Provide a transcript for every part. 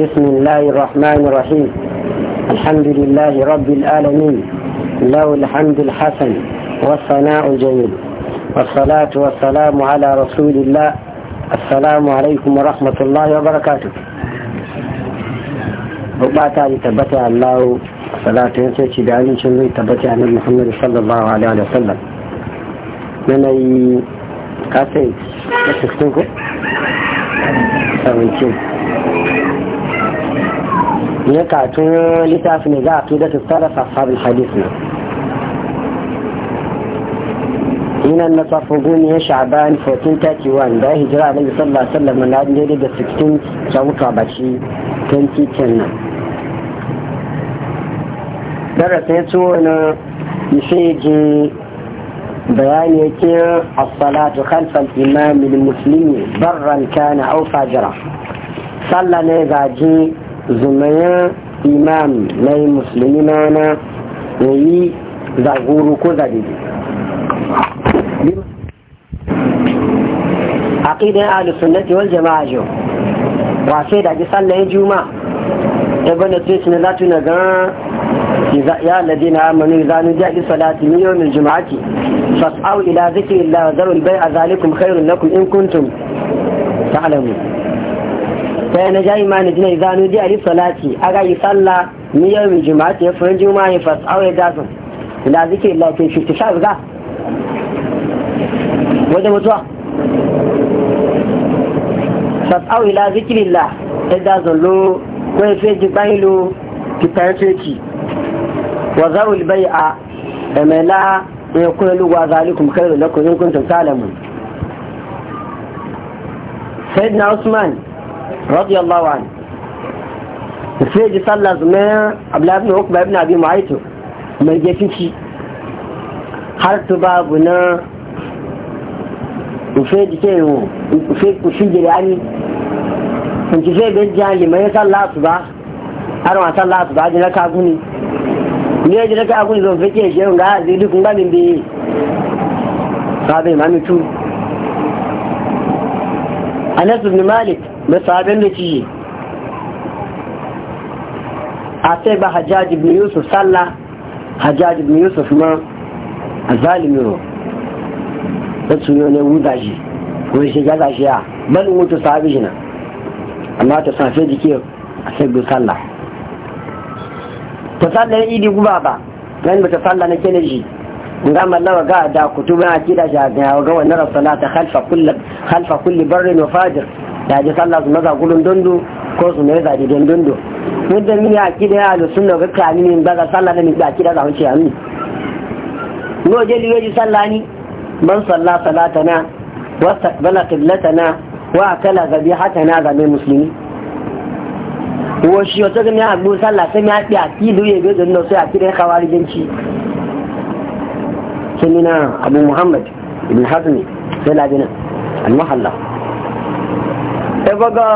بسم الله الرحمن الرحيم الحمد لله رب العالمين له الحمد الحسن والثناء الجميل والصلاة والسلام على رسول الله السلام عليكم ورحمة الله وبركاته بقاتا لتبتع الله صلاة ينسيتي بعلم شنوي تبتع عن محمد صلى الله عليه وسلم من أي كاتي sarauci na katun littafi ne za a tuda ta tsara sabon hadis ne inan na tsafin guniyar sha'ban 1431 da ya hijira da na bisallah sallama na daidai da 16 shawuka baci 2010 nan darasin ya tsohonar ishe bayani yake as-salatu khalfa al-imam al-muslimi barran kana aw fajira sallah ne gaji zumaya imam na musulmi na wana yayi zaguru ko zadidi aqidan ahlus sunnati wal jama'a jo wa sai da ji sallah juma'a ibn tsis ne zatu na ga يا الذين آمنوا إذا نجاء لصلاة من يوم الجمعة فاسعوا إلى ذكر الله وذروا البيع ذلكم خير لكم إن كنتم تعلموا فإن جاء ما نجنا إذا نجاء لصلاة أغا يصلى من يوم الجمعة يفرن جمعة فاسعوا يدازم إلى ذكر الله في افتشاف ذا وده متوى فاسعوا إلى ذكر الله إدازم له ويفيد بينه في تنسيتي wa zawul bai'a da mai la ya kuma lugwa zalikum kai da lakumin kuntum talamun sayyidina usman radiyallahu an sai ji sallah zuma abdullahi ibn ukba ibn abi mu'aytu mai gefici har tu babu na ufe ji ke ufe ku shi gire ani kun ci sai bai jali mai sallah su ba har ma sallah su ba ji na kaguni ní ẹjọ́ daga àkún ìzọ̀ fẹ́ kí ẹ̀ṣẹ́ ń gá àti ìlú fún gbàmì bí sábẹ̀ ìmámi tú malik bẹ sábẹ̀ ló ti yìí àti ẹgbà hajjaj ibn yusuf sálà hajjaj ibn yusuf mọ́ azalimi rọ̀ lẹ́tù ní ne wúdà yìí kò ṣe jáda à bẹ́ẹ̀ ni wọ́n tó sábẹ̀ jìnà àmọ́ àtọ̀sán fẹ́ jìkì ta sallar idi guba ba nan ba ta sallar na kenan shi nga mallawa ga da kutuba a kida shi ga ga wannan rasulata khalfa kulli khalfa kulli barri wa fajir da ji sallah su maza gulun dundu ko su mai zaɗi don dundu mun da mini a kida ya da sunna ga kani ne ba ga sallah da ni da kida za mu ci amin no je liwe ji sallah ni man salla salatana wa istaqbala qiblatana wa akala zabihatana ga mai muslimi wasu yau tsakin ya abu sallah sai ya a aki da ya gaza nan sai aki da ya kawari janci sunina abu muhammad ibn hazmi sai labinan al-mahalla sai e baga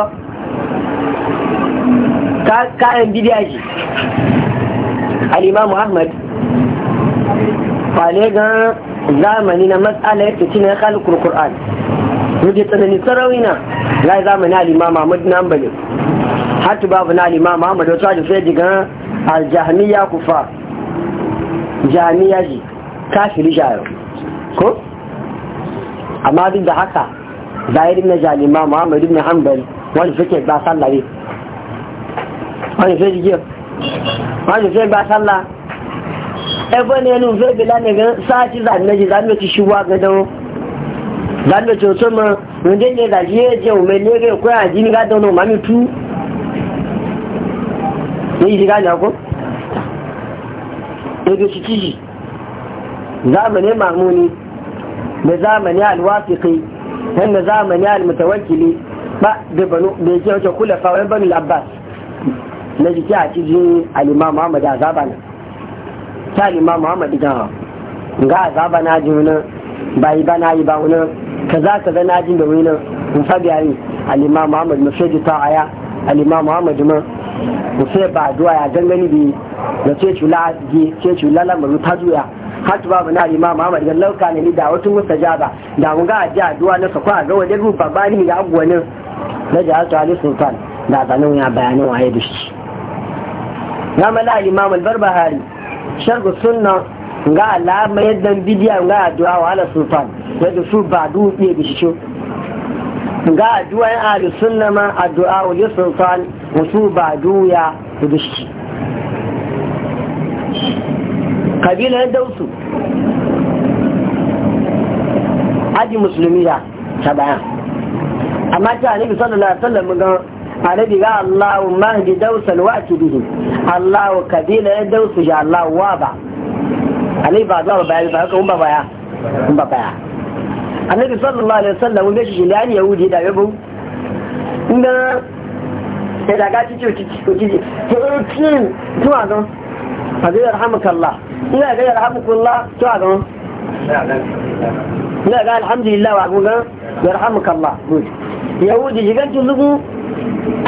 kayan bidiya shi al-imamu ahmad kwale ga zamani na matsala ya fice na kalkul qur'an muje tsanani sarauni na ya zamani al-imamu ahmad na ambalin. hatta babu na imam Muhammad wato da sai diga al-jahmiya kufa jahmiya ji kafiri jayo ko amma duk da haka zahirin na jalima Muhammad ibn Hanbal wani fike ba sallare wani fike jiya wani fike ba sallah ebe ne nu fike bila ne ga sati zanne zanne ci shuwa ga dawo zanne ci to ma mun ne da je je o ne ga ko ajini ga dawo ma mi tu yi shiga ne ko ɗaya shi ciki zamanin mamuni da zamani alwafiƙi wanda zamani almutawakili ba da banu da yake wace kula fawon banu abbas na jiki a cikin alima muhammadu a zabana ta alima muhammadu gawa ga a zabana ji wani bayi bana yi ba wani za ka na jin da wani in fabi a yi alima muhammadu mafi jita aya alima muhammadu ma da sai ba duwa ya gangani bi da ce cula ji ce cula lamaru ta juya hatu babu na imam Muhammad ga lauka ne ni da wata ba da mun ga ji duwa na sakwa ga wajen rufa bani ga agwanin na ta Ali Sultan da zanen ya bayanin waye da shi na mala imam al-Barbahari sharh sunna ga alama yadda bidiya ga duwa wa ala sultan yadda su ba duɗe da shi ga addu'an ahli sunna ma addu'a wa sultan wasu ba duya da Kabila ya dausu aji musulmi ta bayan. amma ta annabi sallallahu alaihi wasallam ga annabi ga Allahu mahdi dausa wa atibihi Allahu ya dausu ya Allah wa ba annabi ba za ba ba ka ba ba ba ba annabi sallallahu alaihi wasallam ne shi ne yahudi da yabo na sai da gaci ce ce ci ce to a don fadil rahmakallah ina ga rahmakallah to a ina ga alhamdulillah wa gogan yarhamukallah good yahudi jigan tulugu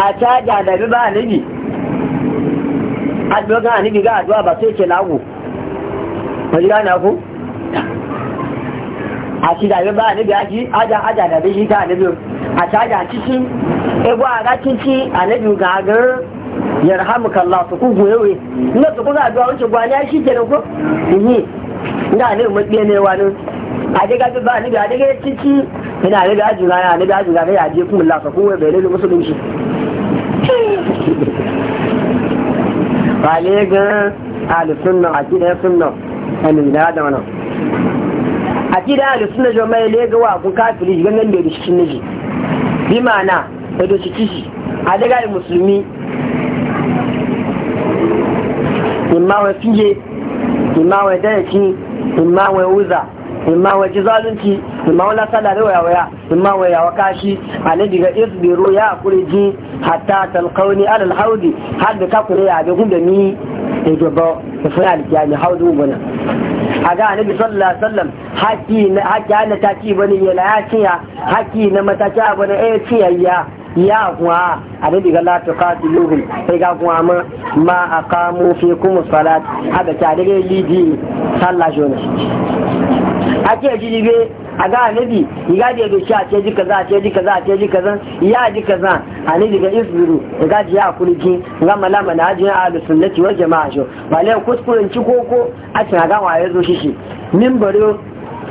a caja da ba nabi a dogan nabi ga addu'a ba sai ke lagu wajira na ku a ci da ba ne da ji aja aja da bai ga ne a ta e ga cikin e ba ga cikin annabi ga ga yarhamuka Allah su ku goyewe na su ku ga wuce gwani shi kenan ko ni ina ne mu ne wani a daga bi ba ni ga cikin ina ne da juna ya ne da juna ya je kuma Allah su ku bai ne musulunci ba ne ga alusunna akidar sunna annabi da wannan a gida da suna jama'a ne ga wakun kafiri shi gangan da shi ne shi bi ma'ana da da shi shi a daga musulmi imma wa fiye imma wa dayaki ma wa wuza ma wa ji zalunci ma wa lasala da waya waya ma wa yawa kashi alaji ga isbiru ya kure ji hatta talkauni alal haudi har da kakure ya da gunda ni da jaba da fara alkiyami haudu gwana. a ga annabi sallallahu alaihi wasallam haki na haki an ta ci bane ya la ya haki na mata a bane eh ci ya ya kuwa annabi ga la ta qatiluhum sai ga kuwa ma ma aqamu fikum salat haka ta daga lidi sallallahu alaihi wasallam ake jibe a ga annabi ya da yado shi a ce ji kaza a ce ji kaza a ce ji kaza ya ji kaza annabi daga isbiru ya ga ji ya kulki ga malama na ajin ahlu sunnati wal jama'a sho wale kuskuren ci koko a ce ga wa zo shi shi min bare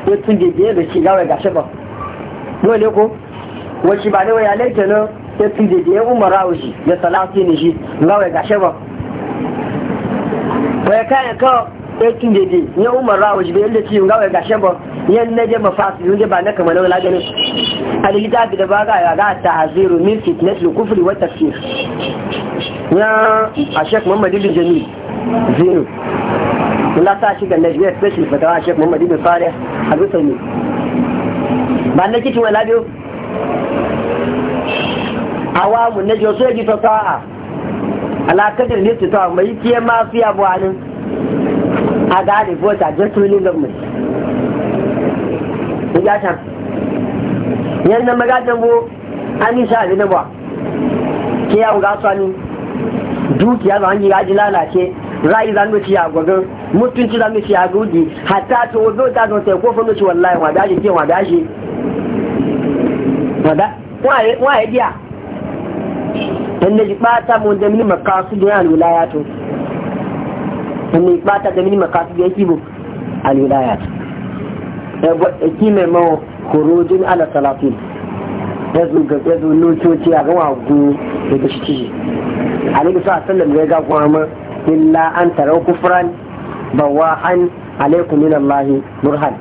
ya tun da da shi ga ga ba dole ko wace ba ne waya laita no ya tun da ya umara shi da salati ne shi ga ga shi ba. ya kai ka ya tun da ya umara shi da yadda ci ga ga ba. yan na jama fasu yun ba na kamar wala ganin alhitafi da baga ya ga ta haziru min fitnat lu kufri wa tafsir ya a shek muhammad ibn jamil zero Allah ta shi ga najmiya special fatawa shek muhammad ibn a al-usaimi ba na kitin wala biyo awamu na jiyo so ya ji fasaha alakadar ne ta mai kiyama fiya buwanin a gane vota just ruling government ya can yadda magajan bo an yi sha'ari ba ke yawon gasuwa ne dukiya ba hangi gaji lalace ra'ayi zanu ci a gwagar mutunci zanu ci a gudu hatta to wazo ta zo ta kofin da ci wallahi wa daji ke wa daji wa ya diya wanda ji bata mu da mini makasu da yan wilaya to wanda ji bata da mini makasu da yake bu al wilaya to mai ma horojin ala talatin ya ga ya zo lokoci a gama gu da ga shi alaihi sa sallam ya ga kuma illa an tarau kufran an alaikum min allah murhan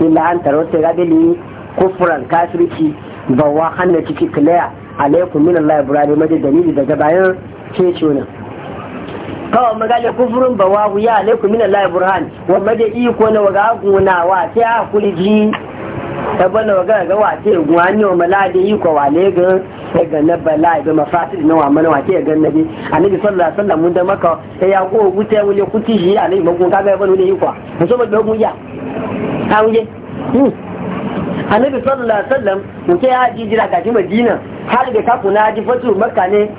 illa an tarau sai ga dali kufran kafirci bawahan da ciki clear alaikum min allah burhan madadani daga bayan ce ce kawo magale kufurin ba wa ya alaiku min Allah burhan wa made iko na waga guna wa sai a kulji ta bana waga ga wa ce gwani wa malade iko wa le ga e ga na bala ga mafasid na wa mana wa ce ga nabi annabi sallallahu alaihi wasallam mun da maka sai e ya go gute wule kuti shi alai magun kaga bana wule iko so ba dogun ya ha wuje hmm. annabi sallallahu alaihi wasallam mutai ya ji jira ga madina har da kafu na ji fatu makka ne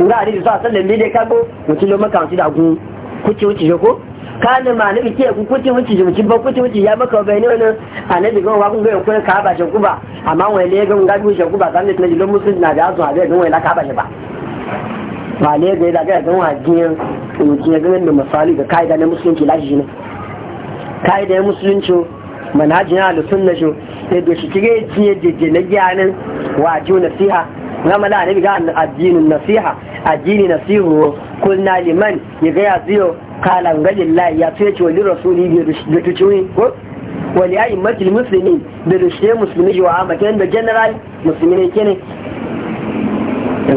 nga ari zuwa sallan ne dai kago mutum lo maka da gun kuce wuce wuci ko kana ma nabi ke ku kuce wuce ji mutum ba kuce wuce ya maka bai ne wannan annabi ga wa kun ga kun ka ba shi kuba amma wai le ga ga shi kuba kan ne tunaji lo musulmi na da azu habe don wai la ka ba shi ba ba le ga da ga don wajiyan mutum ji ga da misali ga kai kaida na musulunci lashi ne kai da musulunci manhajin al-sunnah shi da shi kige ji je je na gyanin wa ji nasiha gama la annabi ga addinin nasiha addini nasihu kulna liman ya ga ya ziyo kalan galillahi ya tuye ce wani rasuli da tuciwi ko wani ayi matil musulmi da rushe musulmi wa amatan da general musulmi ne kene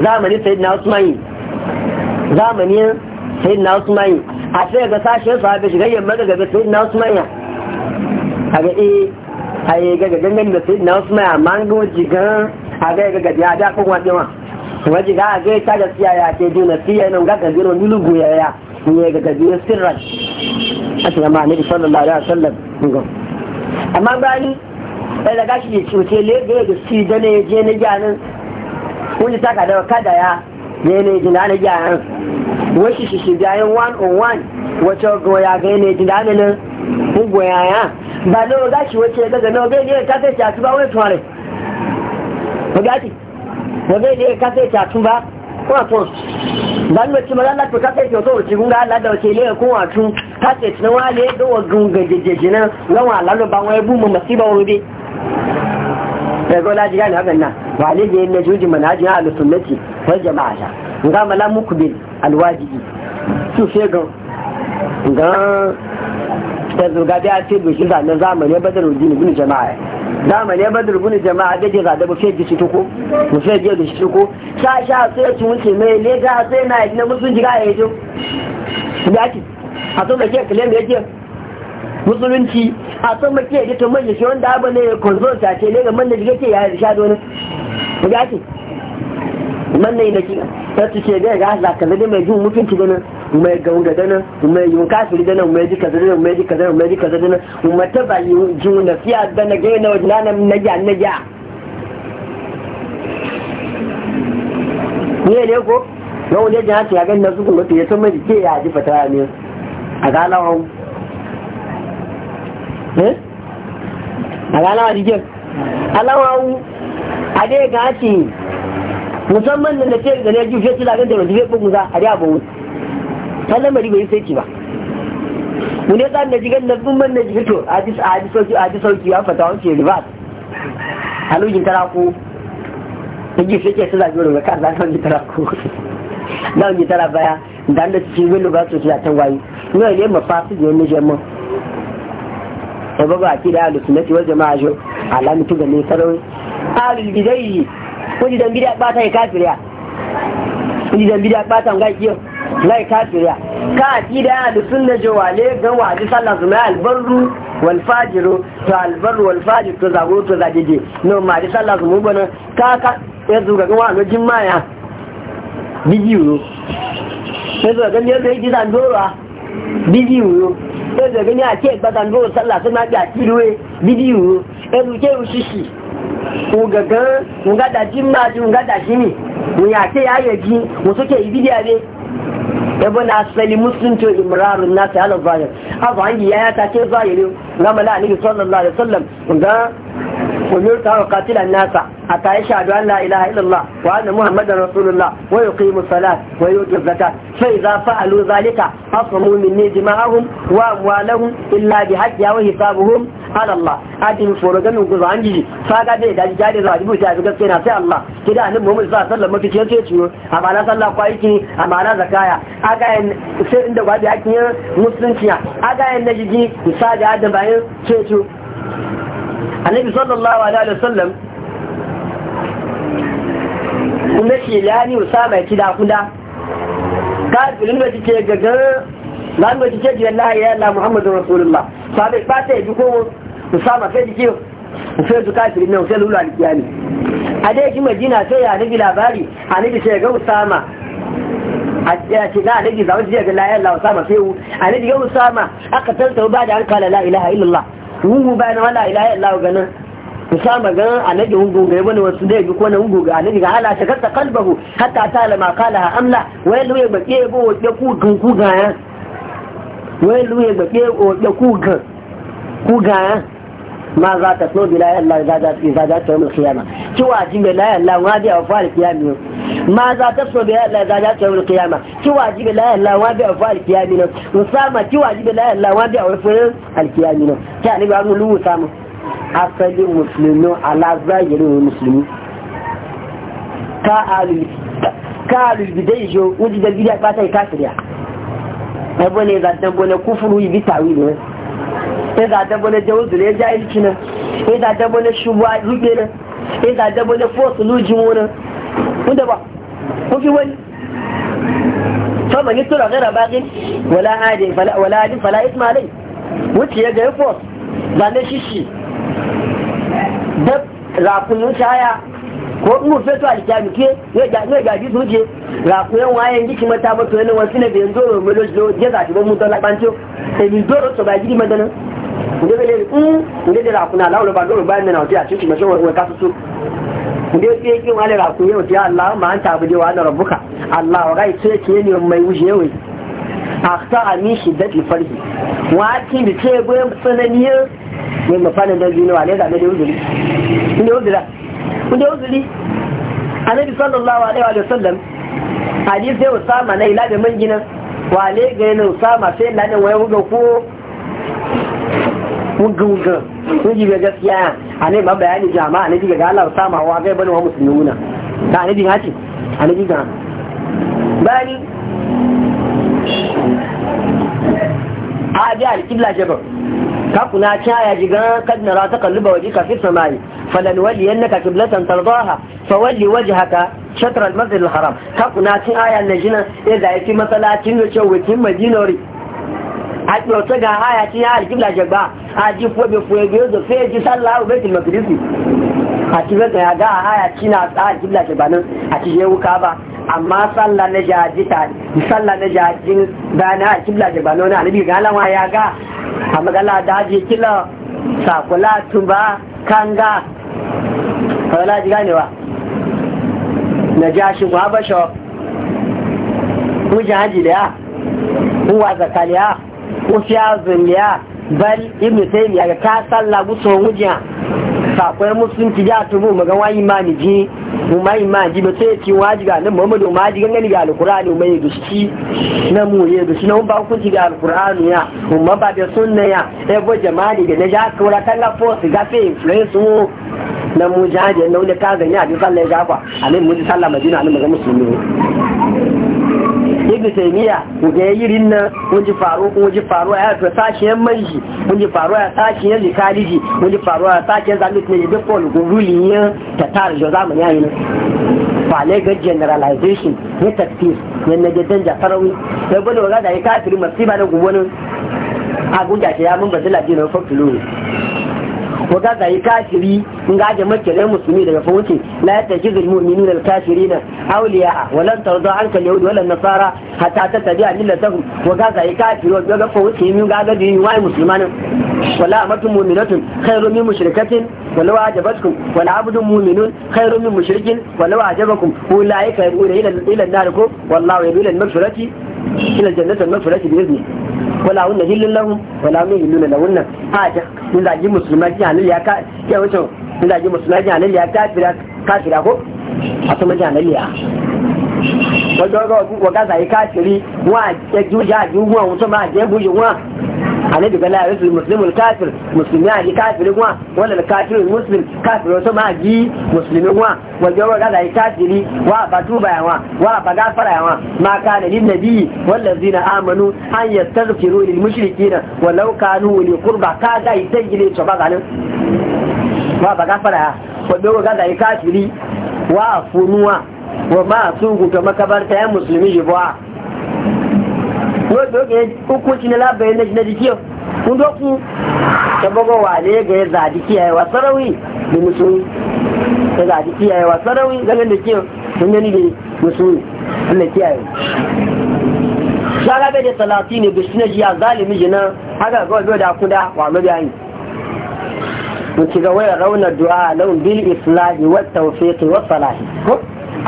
zamani na usmani zamani na usmani a sai ga sashen sahabi shiga yamma ga gaba na usmani a ga eh a ga gangan da na usmani amma an ga wajigan a ga ga ya da kun wace ma waje ga ga ta gaskiya ya ke duna siya nan ga ga dino milugu ya ya ne ga ga dino sirran a cikin ma ne sallallahu alaihi wasallam ga amma bani sai daga shi cuce le ga ga si da ne je ne ganin kun ta ka da kada ya ne ne jina ne ganin wasu shi shi bayan one on one wacce goya ga ne jina ne nan kun goya ya ba lo ga shi wace daga no ga ne ta ta ci ba wai tuware magati wanda ne ka sai ta tun ba kuma to dan mace ma Allah to ka sai to to ci gunga Allah da wace ne ko wa tun ka sai tun wa le do wa gunga jejeje nan nan wa Allah ba wai bu mu masiba wa bi da gola ji gani hakan nan wa le ne ne juji manhajin al-sunnati wal jama'a ga mala muku bil alwajibi su sai ga ga da zuga da ce bishin da na zamani badar wajin ni jama'a dama ne badar gune jama'a gaje ga da bufe shi tuko bufe gishi gishi tuko sha sha sai ci wuce mai ne ga sai na yi na musun jira ya jo ya ki a to da ke kalem ya ke musulunci a to ma ke ta manje shi wanda abu ne konzo ta ce ne ga man da jiga ke ya sha dole ya ki man ne kina ta ce ga ga za ka zade mai jin mutunci da nan mai gauda da nan mai yun kafiri da nan mai jika kaza nan mai jika ji nan mai jika kaza nan mai ta ba yun ji na fiya na ga na wajen wajlana na ja na ja ne ne ko na wajen jin haka ya gani na su kuma ya san mai ke ya ji fata ne a galawan eh a galawan jikin alawawu a dai ga gashi musamman da ke da ne ji shi lagan da wajibe bugu za a da bawu ta bari bai sai ki ba mun ya tsan da jigan da dun man da ji to a ji a ji sauki a ji sauki ya fata wanke riba halujin tarako da ji sai ke su da jiro ka da san tarako na ji tara baya dan da ci wani ba su ta wayi ne ne mafasi ne ne jama'a sababa akida alusunnati wal jama'a jo alamu tuga ne sarau alil bidai kuji dan bid'a bata ya kafiriya kuji don bid'a bata ga kiyo lai kafiriya ka akida da sunna jawale ga waji sallar zuma albarru wal fajiru to albarru wal fajiru to zago to zajeje no ma di sallar zuma bana ka ka ya zuga ga wani jimaya bijiyo ya zuga ga ne zai ji dan dora bijiyo ya zuga ga ne a ce ba dan dora sallah suna ga kiruwe bijiyo ya zuke ushishi ga ugagan ungada jimmaji ungada shimi unyake yayeji musuke ibidiyabe ebe na asali musulunci imrarun nasu ala zahir abu hangi ya ya take zahiri na mala alaihi sallallahu alaihi wasallam ga umirtu katila nasa a nasa hatta yashhadu an la ilaha illallah wa anna muhammadan rasulullah wa yuqimu as-salat wa yutu az-zakat fa idha fa'alu dhalika asamu minni dima'ahum wa amwalahum illa a wa hisabuhum ala Allah adin forogan ku zan ji faga dai da jari da dubu ta gaskiya na sai Allah kida annabi Muhammad sallallahu alaihi wasallam mafi ce ciwo amana sallah kwaiki amana zakaya aga a inda gwabi hakin musulunci aga yan najiji annabi sallallahu alaihi wasallam kuma ce ya ni usama kida kuda kafirin da kike gaga lan da kike ji Allah ya Allah Muhammadu Rasulullah sabai fata ya duko usama sai kike sai duka firin nan sai lulu alkiyami a dai ki Madina sai ya nabi labari annabi sai ga usama a ce na annabi zawo ji ga la ya Allah a sai annabi ga usama aka tantar ba da an kala la illallah ba na wala ilaha wa ganan ku sa magana annabi hungu ga ne wasu dai ko na hungu ga annabi ga ala ta katta kalbahu hatta ta la ma qala amla wa yalu ya bake bo ya ku gun ku ga ya wa yalu ya bake o ya ku ga ku ga ya ma za ta so bi layi Allah za za ta ta yawon kiyama kiwa ji mai layi Allah wa bi afal kiyami ma za ta so bi layi Allah za ta ta yawon kiyama kiwa ji mai layi Allah wa bi afal kiyami no layi Allah wa bi afal alkiyami asali musulmi ala musulmi ka alul ka alul bidai jo wudi da bidai ba ta kafiriya bi tawili sai da dabo na jawo zure jahilci nan sai da dabo na shubuwa rube nan sai da dabo na fosu lujin wani wanda ba kufi wani sama ni tura gara bakin wala hadi wala hadi fala isma alai wuce ya gari fos da na shishi da rakunin shaya ko mu fetu alkiyami ke ne ga ji suje rakunin wayan gishi mata ba to yana wasu ne da yanzu ro melo je za ti ba mu dala bancho e mi doro to ba gidi madana nde bele n mm, nde de la kun ala oloba lórí báyìí nana ọtí àti tìmọ̀ sọ wẹ̀ ká tuntun nde fi eki wọn alẹ́ la kun yẹ ọtí ala máa an ta àbújẹ wa nọrọ bùkà ala ọ̀rá ìtú ẹ̀kí ẹni ọmọ ìwú ṣe wẹ̀ àkútà àmì ìṣìdẹ́tì fọ́lì wọn á ti bìtẹ́ ẹgbẹ́ sẹ́nẹ́ ní yẹn ní mọ̀fá nẹ́dẹ́gbẹ́ ní wa alẹ́ dà mẹ́dẹ́ òzòlì nde òzòlì nde òzòlì annabi sallallahu alaihi wa sallam hadisi ya usama na ila da mangina wale ga yana usama sai lanin waya huga ko wuga-wuga sun ji ga gaskiya a ne ba bayani jama'a na jiga ga Allah ta ma hawa gai bane wa musulmi wuna ta ne jiga ce a ne jiga bani a ji alkibla jabar ka kuna caya jiga kadnara ta kalluba waje ka fi samari falan wali yannaka kiblatan tardaha fa walli wajhaka shatr al-masjid al-haram ka kuna cin aya nan jina ya da yake masallacin da cewa kin madinori àti ọ̀tọ́ ga ha àti ha àdìkíbìlà jẹgbà àti fòbè fòbè ó dòfé èjì sálà òbẹ́tì mẹ̀kìrìsì àti na àdìkíbìlà jẹgbà náà àti yẹwu káàbà àmá sálà nẹjà àti sálà nẹjà àti dáná àdìkíbìlà jẹgbà náà zakaliya kufiya zuliya bal ibn taymiya ga ta sallah guso wujiya sakwai musulunci ya tubu maga wa imani ji mu ma imani ji ba sai ci waji ga nan muhammadu ma ji gangani ga alqur'ani yi dushi na mu yi dushi na ba ku ci ga alqur'ani ya mu ma ba da sunna ya e bo jama'i ga na ja ka wala kan la force ga fe influence mu na mu jaje na wani ka ni a bi sallah ya ga fa anan mu ji sallah madina anan maga musulmi ibn taymiya ko ga yirin nan ko ji faru ko ji faru ya to sashiyan manji ko ji faru ya sashiyan likaliji ko ji faru ya sashiyan zalit ne da fol ku ya ta tar jo zamani yayi ne fa le ga generalization ne tafsir ne na gidan farawi sai bane waga da ya kafiri masiba da gubonin a gunja ce ya mun bazila dinin fakilu ne wa ga zai kafiri in ga ga makirin musulmi daga fawuce la yatakizu almu'minuna alkafirina awliya wa lan tarda anka alyahud wa lan nasara hatta tattabi'a millatahum wa ga zai kafiri wa ga fawuce min ga ga din wai musulmanin wala amatu mu'minatun khairu min mushrikatin walau ajabatkum wala abdu mu'minun khairu min mushrikin walau ajabakum ulaika yad'una ila ila an-nar ko wallahu yad'u ila al-maghfirati ila al-jannati al-maghfirati bi wala ولا هن هل لهم ولا هم يهلون لهن حاجه in zagi musulma ji halil ya ka ya in zagi musulma ji halil ya kafira kafira ko a sama ji halil ya wajen waga zai kafiri wa annabi ga la yusul muslimul kafir muslimi aji kafiri kuma wala kafir muslim kafir wato ma ji muslimi kuma waje wa ga dai kafiri wa batu yawa wa ba gafara yawa ma da lin nabi zina amanu an yastaghfiru lil mushrikin walau kanu li qurba ka ga itajile to ba ganin wa ba gafara waje wa ga dai kafiri wa funuwa wa ma su gutu makabarta ya muslimi jibwa dole dole hukunci na labarin na jikiyo kun doku ta bago wane ga ya zaɗi kiyayewa sarawi da musulmi ya zaɗi kiyayewa sarawi ganin da kiyo sun gani da musulmi Allah kiyaye shara bai da talatin ne bishi na jiya zalimi jina haka ga wajen da kuda wa mabiyayi mutu ga wayar raunar du'a laun bil islahi wa tawfiqi wa salahi ko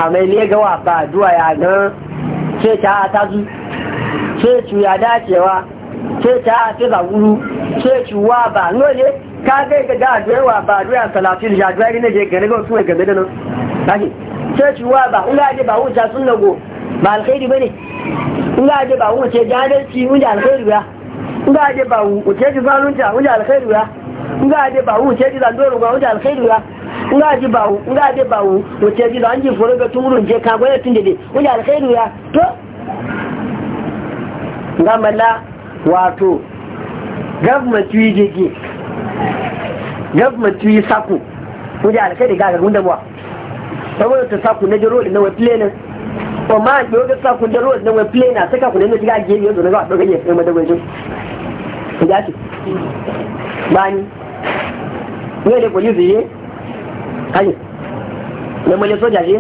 a mai ne ga wa ba du'a ya ga ce ta ta zu sai ya dacewa sai se ta zaguru sai wa ba nole ka gai ga gajewa ba duya salatin jajwari na je gane ga wasu game da nan ba in je ba wuta sun nago ba alkhairi bane in je ba wuce wuce alkhairi ba in je ba wuce ji zalunta wuce alkhairi ya in je ba wuce ji zandoro ba wuce alkhairi ya ba ba wuce ji zanji ga tumurun je ka tun dede wuce alkhairi to gamala wato gavmatu yi jiki gavmatu yi saku kuje alkaɗe da gaga gunda buwa saboda ta saku na jiro da nawa plenin o ma yau da saku da road na wai plena ka ku ne na shiga gefe yau da ga dogon ya sai madawai jin ya ce bani ne da police ye hayi ne mu ne soja je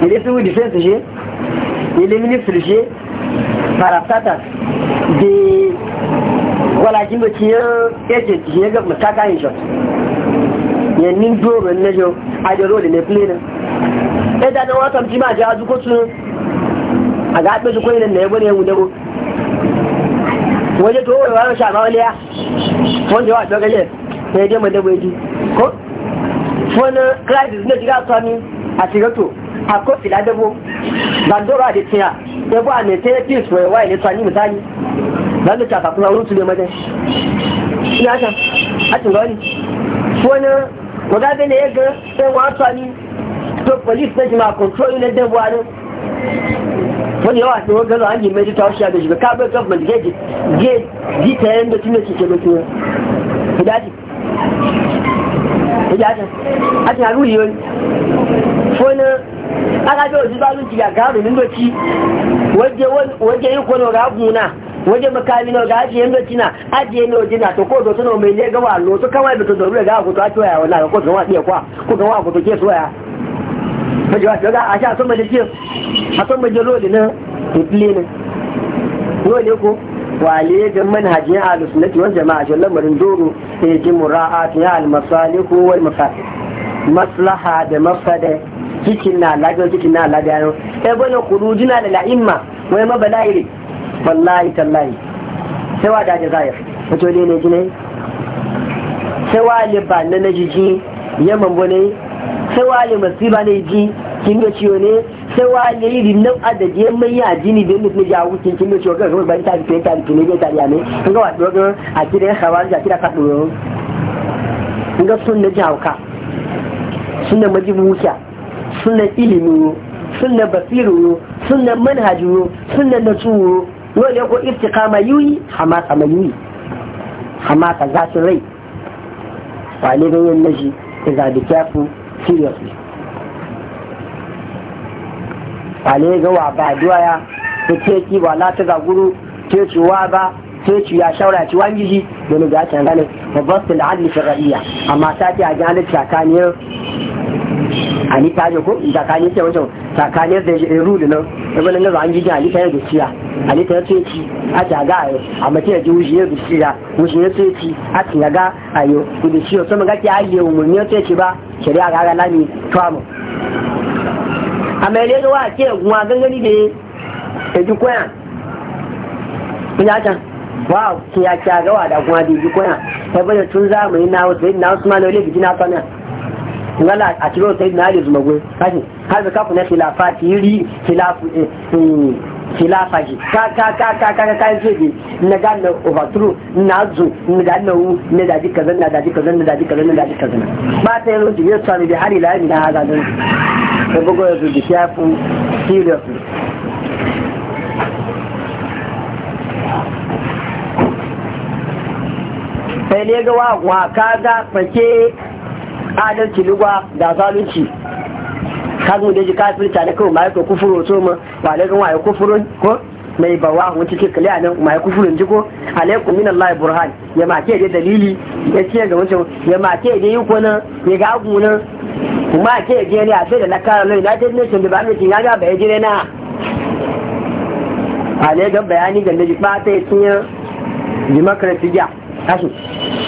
ne da civil defense je ne da ministry je parastatus da gwalajin da ke agent shi ya gaba ta kayan shot yannin doro na yau e a da role na da na watan jima ji a zukotu a ga haɗe zukoyi nan na yabo ne yau dago waje to wani wani sha wani ya wanda yawa ta gaje na ya dama dabo ya ji ko wani crisis na jiga sami a shigato a kofi ladabo bandora da tiya e e sai ba ne wai ne misali dan da kuma rutu ne ina ta a tun ko ne da sai wa to police ne ma control ne da ne yi mai ta da shi ka ba government ge ji ta yanda ke a ko ne aka ce wasu zalunci ga garu min doci waje yi kwano ga na waje makami na ga ajiye doci na ajiye na waje na to ko dosu na mai ne gawa lo kawai da to ga hoto a ce waya wala ko gawa ɗaya kwa ko gawa hoto ke so ya maji wa ga a sha son a lodi na tutule ne lodi ko wale ga manhajin alusunnati wal jama'a shi lamarin doro ya eh, ji da cikin na don cikin na lafiya yau sai bane kurujina da la'imma wai ma bala'iri wallahi tallahi sai wa da jazair wato dai ne jinai sai wa ba na na jiji yaman ne sai wa le masiba ne ji kin da ciwo ne sai wa le yi nan adaje mai ya jini da mutum ya wuce kin da ciwo ga ba ta ji ta ji ne ta ya ne kin ga wato ga a kida khawar ja kira ka duro kin ga sunna jawka sunna majibu wuce sunan ilimi yo sunna basiru yo sunna manhaji sunan natsu natsuwo yo ne ko istiqama yuyi hamasa ma yuyi hamasa za su rai wani ne ganin nashi is a be seriously ale ga wa ba duwaya ko teki ba la ta guru teki wa ba teki ya shaura ci wani ji da ni ga ta gane babban sun da hadin shar'iyya amma ta ce a gane tsakaniyar a ta ko da ka ne ce wajen tsakanin da ya rulu nan ibn nan an gidi ali ta ya dukiya ali ta ce ci a ta ga a amma e ji wuji ya dukiya wuji ya ce ci a ta ga ayo ku da shi so mun e a ki aje mun ne ce ci ba shari'a ga ga lami to amma amma ne wa ke gwa gangani da ya ji koya kun ya can wow ki ya ga wa da kuma da ji koya sai bane tun zamani na wasu na Usman ne biji na wala a ciro sai na ali zuma gwe kashi har da kafu na khilafa tiri khilafu eh, eh, khilafa ji ka ka ka ka ka ka kai ji na ga na overthrow na zu na ga na u na da dika zanna da dika zanna da dika zanna da dika zanna ba ta yi roji yau tsani bi hari la ina hada dan da bugo ya zuci ya fu seriously sai ne ga wa ka ga fake adalci lugwa da zalunci kagun da ji kafirta da kawai mai kufuru so ma ba da gan waye kufurun ko mai bawa mun cike kale anan mai kufurun jiko alaikum min burhan ya ma ke da dalili ya ce ga wancan ya ma ke da yiko nan ya ga agun nan kuma ke je ne a sai da nakara na United Nations da ba mu tin ga ba ya jire na ale ga bayani ga da ji ba ta yi tinya democracy ya kashi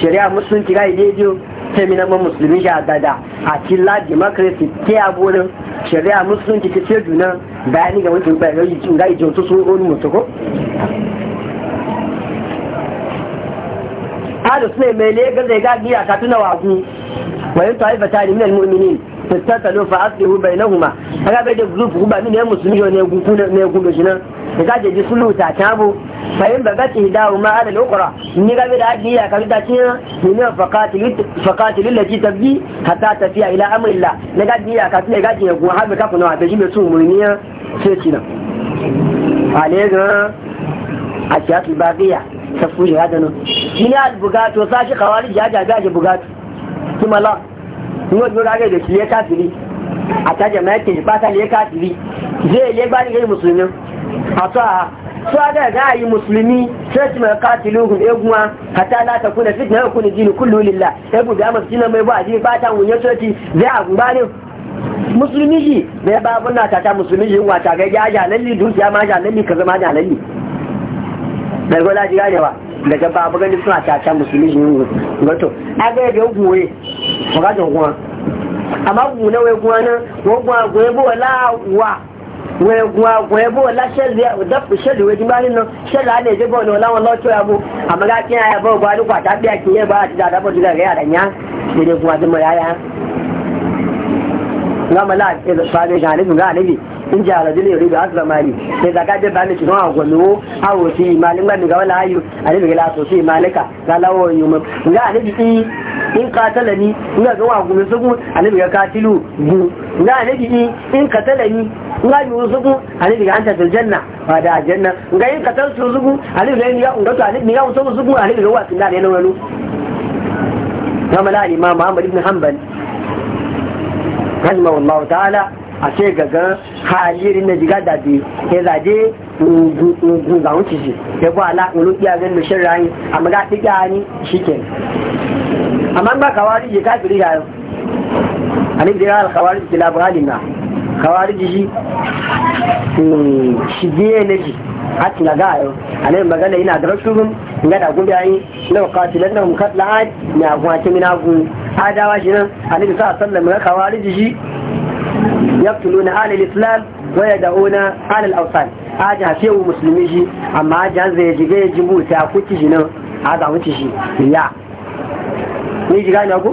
shari'a musulunci ga idejo femina ma musulmi ya dada a killa democracy ke abunin shari'a musulunci ke ce juna bayani ga wancan bayan yi ga ijo su sun onu mutu ko ahlus ne mai ne ga zai ga giya ka tuna wagu wa yin ta'ifa ta min almu'minin tattalo fa aslihu bainahuma kaga bai da group ba min ne musulmi ne gugu ne gugu shi nan da je ji sulu ta tabo fa in baga ti dawo ma ala lokura ni ga bai da giya ka ta cin ni ne faqatil faqatil lati tabbi hatta tafiya ila amrillah ne ga giya ka ne ga je gugu har ka kuna da shi mai su murniya sai ci nan ale ga a cikin bagiya ta fuji hadanin shi ne a bugato sashi kawari ya jabi a bugato kuma la in wajen rage da shi ya kafiri a ta jama'a ke bata ne ya kafiri zai yi ni gani musulmi a to a su a daga a yi musulmi sai su mai katilu hun eguwa hata ta lata kuna fit na kuna jini kullu lillah sai bu da masu jina mai ba a jini bata wunye soki zai a gumbanin musulmi ji mai abin na tata musulmi ji wata ga ya jalalli dukiya ma jalalli kaza ma jalalli daga wala ji ganewa daga babu gani suna caca musulmi shi yin wato a ga yadda goye ba ga jan kuma amma gune wai kuma nan wai kuma goye bo la wa wai kuma goye bo la shel da shel wai din bani nan shel ne je bo la wala to ya bo amma ga kin ya bo ba duka ta biya ki ba ta da bo diga ga ya da nya dai kuma da mu ya ya ngama la ke eh, da ba ne ga ne ga ne in ji ala dole riba azra mali sai zaka da bani ki nawa gwalo awo ti malin ban ga wala ayu ani bi la to ti malika ga lawo mu ga ani bi in qatalani ga ga wa gumi sugu ani bi ga katilu gu ga ani bi in katala ni ga yu sugu ani bi ga anta til janna wa da janna ga in qatal su sugu ani bi ga ga to ani bi ga to sugu ani bi ga wa tin da ne nawalu kama la imam Ahmad ibn Hanbal رحمه الله a ce gaga haliri na jiga da bi ya zaje ga wuce shi ya bu ala ulu iya zan mishin rani a maga ɗiga ni shi ke amma ba kawari je kafiri ga yau ani da al kawari da kila buhari na kawari ji shi hmm, shi biye na ji a tuna ga yau a nan magana yana da rum ga da gudu yayi na wakatilan na mukatla na gwace minagu adawa shi nan a nan sa sallama kawari ji shi yaqtuluna ahli al-islam wa yad'una ahli al-awsan aja shehu musulmi shi amma aja zai jige jibu ta kuci shi nan a ga muci shi ya ni jiga ne ku?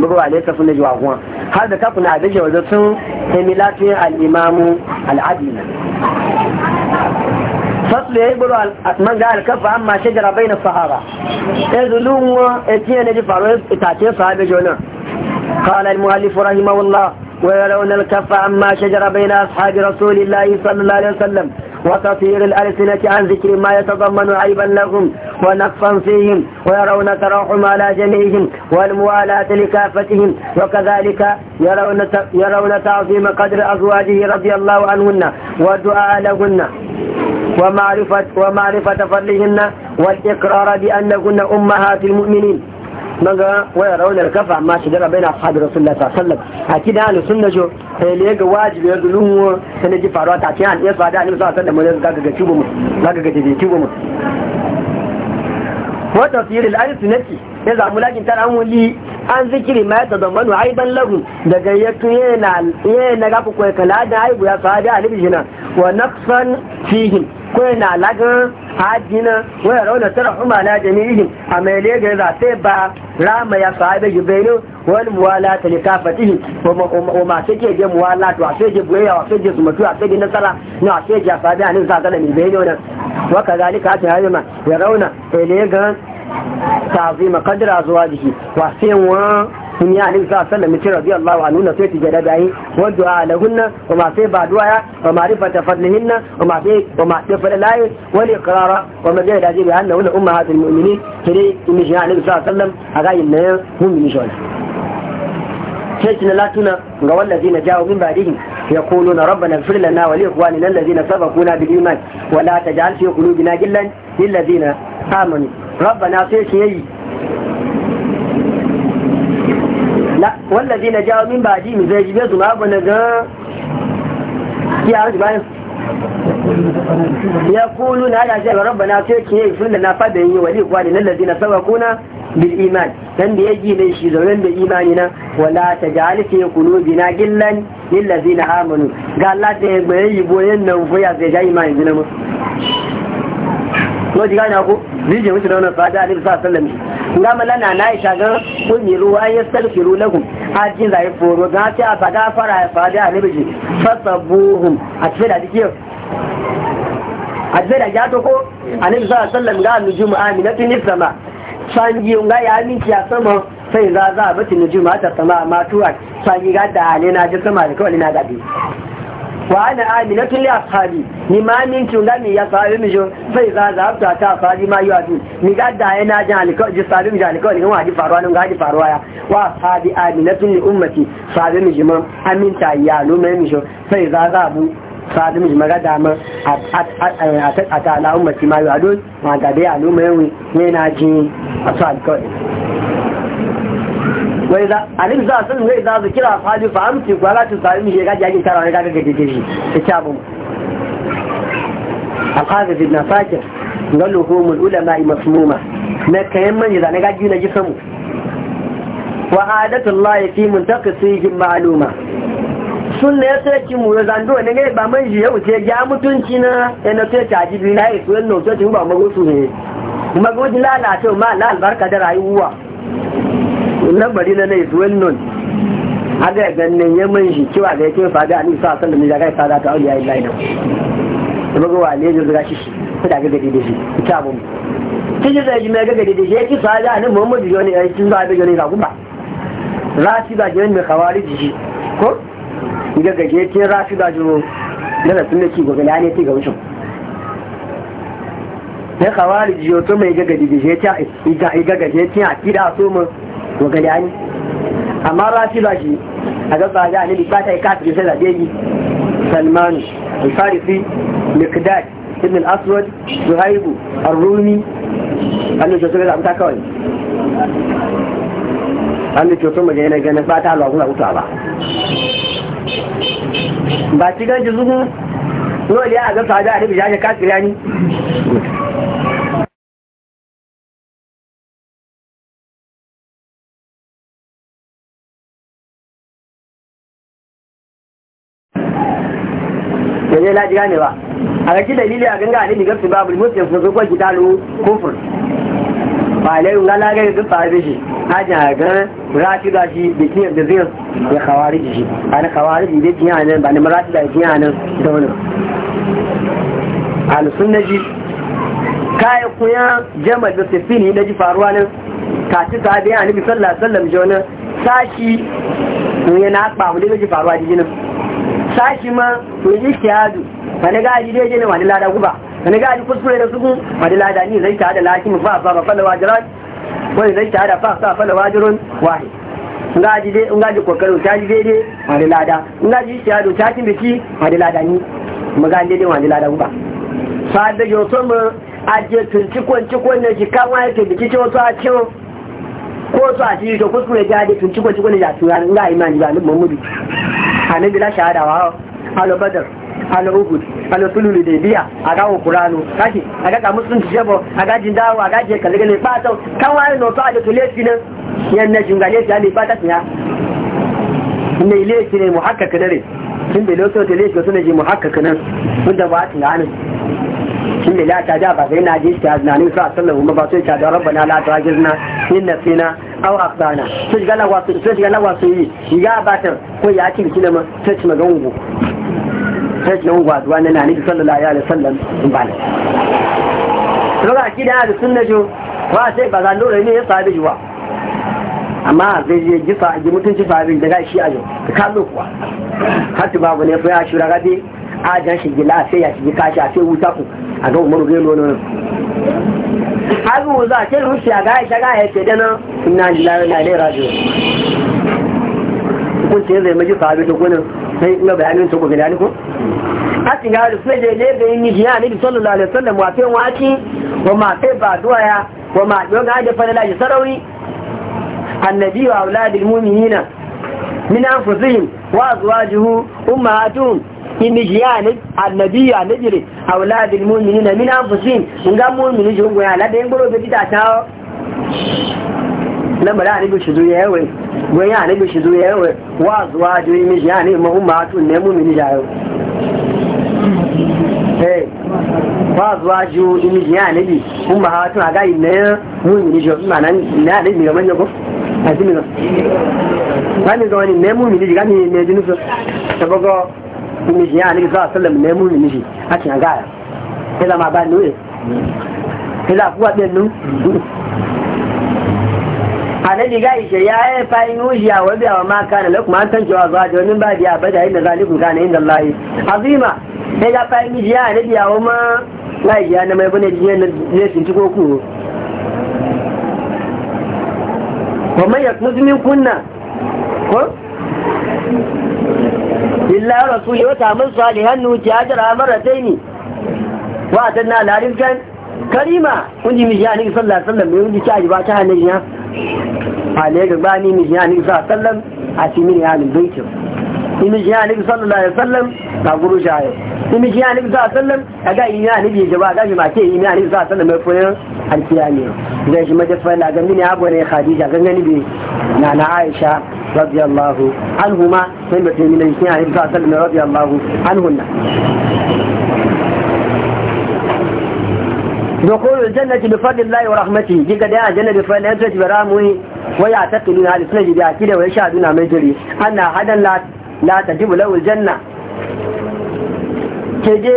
bugu ba laifa sun da jiwa kuma har da kafin a gaje wajen sun emilatun al'imamu al'adina fasu ya yi buru man ga alkafa amma shajara bai na sahara ya zulun wa ya tiye na ji faruwar itace sahabe jonan قال المؤلف رحمه الله ويرون الكف عما شجر بين أصحاب رسول الله صلى الله عليه وسلم وتطهير الألسنة عن ذكر ما يتضمن عيبا لهم ونقصا فيهم ويرون التراحم على جميعهم والموالاة لكافتهم وكذلك يرون يرون تعظيم قدر أزواجه رضي الله عنهن والدعاء لهن ومعرفة, ومعرفة فضلهن والإقرار بأنهن أمهات المؤمنين naga waya raunar kafa amma shi dara baina sahabi rasulullahi sallallahu alaihi wasallam akida ahli sunna jo sai ne ga wajibi ya dulumo sai ne ki faru ta ci an yasa da annabi sallallahu alaihi wasallam ga ga kibo mu ga ga ji kibo mu wa tafsir al sunnati ya za mu lakin tara mu an zikiri ma ya tadammanu aiban lahu daga ya tuye na ya na ga ku kai da aibu ya sahabi a jina wa nafsan fihim kawai na lagan hajjina wani raunar tara kuma na jami'in a mai lega za sai ba rama ya sahabe jubenu wani muwala ta ne kafatihi wa masu ke je muwala to a sai je buwaya a sai je su mutu a sai je nasara na a sai je a sahabe a nan sa gana mai bai ne wani waka zalika a ta hajjima ya rauna lega تعظيم قدر أزواجه وحسين من يعلم صلى الله عليه وسلم رضي الله عنه نصيحة جلده والدعاء لهن وما في بعد دعاء ومعرفة فضلهن وما في وما في فضل الآية والإقرار وما جاء الذي هن أمهات المؤمنين كري إن جاء النبي صلى الله عليه وسلم أغاية النهي هم من جوله سيدنا لا تنا والذين جاءوا من بعدهم يقولون ربنا اغفر لنا ولإخواننا الذين سبقونا بالإيمان ولا تجعل في قلوبنا جلا للذين آمنوا rabbana sai shi yayi wallazi na jawo min baji mu zai jibe su babu na ga kiya su bayan ya kulu na da cewa rabbana sai ki yayi sunna na fada yi wali kwani nan lazi na bil iman dan da yaji ne shi zauren da imani na wala tajal fi qulubina gillan lil ladina amanu ga Allah da ya gbaye yi boyen nan fuya sai ga imani dinama ko ji gane ku je wuce da wannan ali sallallahu alaihi sallam ga malana na isha ga kun mi ruwa ya salkiru lahum a jin zai foro ga ta fada fara ya fada biji fasabuhum a cikin da dikiyo a cikin da ya to ko alaihi wasallam ga mu nujumu ni sama sanji ga ya aminci a sama sai za za batin nujumu ta sama ma tuwa sanji ga da ne na ji sama da kawai na gabi wa ana aminatun li ashabi ni ma min tun da mi ya sabi mi jo sai za za ta ta sabi ma yawa tun ni ga da yana jan alko ji sabi mi jan alko ni wa ji faruwa ni ga ji faruwa ya wa sabi aminatun li ummati sabi mi jiman aminta ya lo mai mi jo sai za za bu sabi mi maga da ma a ta ala ummati ma yawa don ma ga da ya lo mai ne na ji a sa alko wai za a nufi za a zai za su kira fali fa amci za su sami shi gaji yakin gaji gaji ta fakir ga ulama na kayan manje zane gaji na ji samu wa fi sunna ya sai ki mu ya zando ne ba ba manje ya wuce ya mutunci na yana sai ta ji bi na yi sunan no ba magosu ne magosu lalata ma la albarka da rayuwa bari na nai zuwan well known a ganin mun shi kiwa ga yake fa a annabi sa alaihi wasallam ya ga sada ta auliya illahi na kuma ga wale ne zuwa shi ko da ga gadi da shi ta mu ji da ji mai ga da shi yake fa ga annabi Muhammadu yoni ai kin za da yoni ga kuma rashi da jin mai khawariji shi ko ga gaje rashi da jiro da sun ne ki gobe ne ti ga wucin ne khawariji yo to mai ga da shi ya ta ga gaje ta akida so mu ko gani ani amma rafida shi a ga tsaga a fata ya kafin sai da beji salmanu al-farisi ibn al-aswad zuhaibu ar-rumi annu to sai da kawai annu to sun magana gane fata Allah kuma uta ba ba ci ganji zugu dole ya ga tsaga a ya kafin ne laji gane ba a ga shi dalili a ganga ne diga su babu muslim ko zuwa kitalu kufur ba lai ga la ga duk ba shi haja ga rashi da shi da kiyar da zai ya khawari shi ana khawari da kiyar nan ba ne marashi da kiyar nan da wani al sunnaji kai kuya jama'a da sifini da ji faruwa nan ta ci ta bi annabi sallallahu alaihi wasallam jona sashi ne na ba mu da ji faruwa jinan sashi ma to yi shahadu wani gaji dai ne wani lada guba wani gaji kuskure da suku wani lada ni zai shahada laki mu fa fa fa lawa jiran wani zai shahada fa fa fa lawa wahi ngaji dai ngaji kokarin ta ji dai wani lada ngaji shahadu ta kin biki wani lada ni mu ga dai wani lada guba fa da yo so mu aje tun cikon cikon ne ki kawai ke biki ce wato a cewa ko su a cikin to kuskure ja da tun ciko ciko ne da tura ga imani ba nan mamudu annabi la shahada wa alo badar alo uhud alo sululu da biya a ga qur'anu kashi a ga sun musulun jabo a ga dawo a ga je kalle ne ba ta kan wani no ta da tulefi nan yan na jingale ta ne ba ta tiya ne ile ne muhakkaka dare tun da lokacin da lake suna ji muhakkaka nan wanda ba ta nan shin da lata da ba sai na ji shi azna ne sa sallahu ma ba sai ta da rabbana la tu'ajizna inna fina aw aqtana to shiga lawa su to shiga lawa su yi shiga batar ko ya ci kina ma sai ci magango sai ci magango aduwa na ni sallallahu alaihi wasallam in ba ne ga ki da da sunna jo wa sai ba zan dole ne ya sabi juwa amma zai je ji fa ji mutunci fa bin daga shi a jo kallo kuwa hatta babu ne fa ya shura gabe ajan shi gila sai ya shi kashi a sai wuta ku a ga umaru gelo nan abu za ke rushi a gaya shaga ya ce dana ina lillahi na ilaihi raji'un ce zai maji sahabi da gunin sai ina bayanin to gobe ne ko a cikin hari sai da ne da yin jiya ne sallallahu alaihi wasallam wa sai waki wa ma sai ba duwaya wa ma yau ga da fadala ji sarawi annabi wa auladil mu'minina min anfusihim wa azwajuhu ummahatuhum inijiyanin annabiya na jire a wuladin mulmini na mina fusin in ga mulmini shi yin fita ta nabi shi yawai gwen nabi shi ya yawai wa zuwa nabi ne mulmini da yau wa zuwa juyi mishi yana nabi hun mahatu a gayi na mulmini shi ma na nabi manyan a ga wani ne mulmini shi ne jinusu ta sun miji ya alaihi sallam ne mu miji a cikin gaya sai ma ba nuwe sai kuwa nu ishe ya yi fayin wujiya biya wa ma kana lakum an tankewa zuwa domin ba biya ba da inda zalikun kana inda Allah azima sai ga fayin wujiya annabi ya wa ma na iya na mai bane jiye na zai sun ciko ku wa kunna ko lillahi rasuli ta ta'mal salihan nu jajara marataini wa atanna la rizqan karima kun ji miji ni sallallahu alaihi wasallam mun ji caji ba ta annabi ya ale ga bani miji ni sallallahu alaihi wasallam a cikin yanin baitin imi jiya nabi sallallahu alaihi wasallam ta guru shayo imi jiya nabi sallallahu alaihi wasallam aga imi ya nabi jaba ga mi make imi ya nabi sallallahu alaihi wasallam mai koyon alkiyami da shi madafa la ga mini abu ne khadija ga ngani bi na na aisha radiyallahu anhuma sai mutum ne shi ya nabi sallallahu alaihi wasallam radiyallahu anhunna دخول الجنة بفضل الله ورحمته جيكا دعا الجنة بفضل الله ورحمته ويعتقدون هذه السنة بأكيد ويشهدون ما يجري أن أحدا لا la tajibu lahu aljanna keje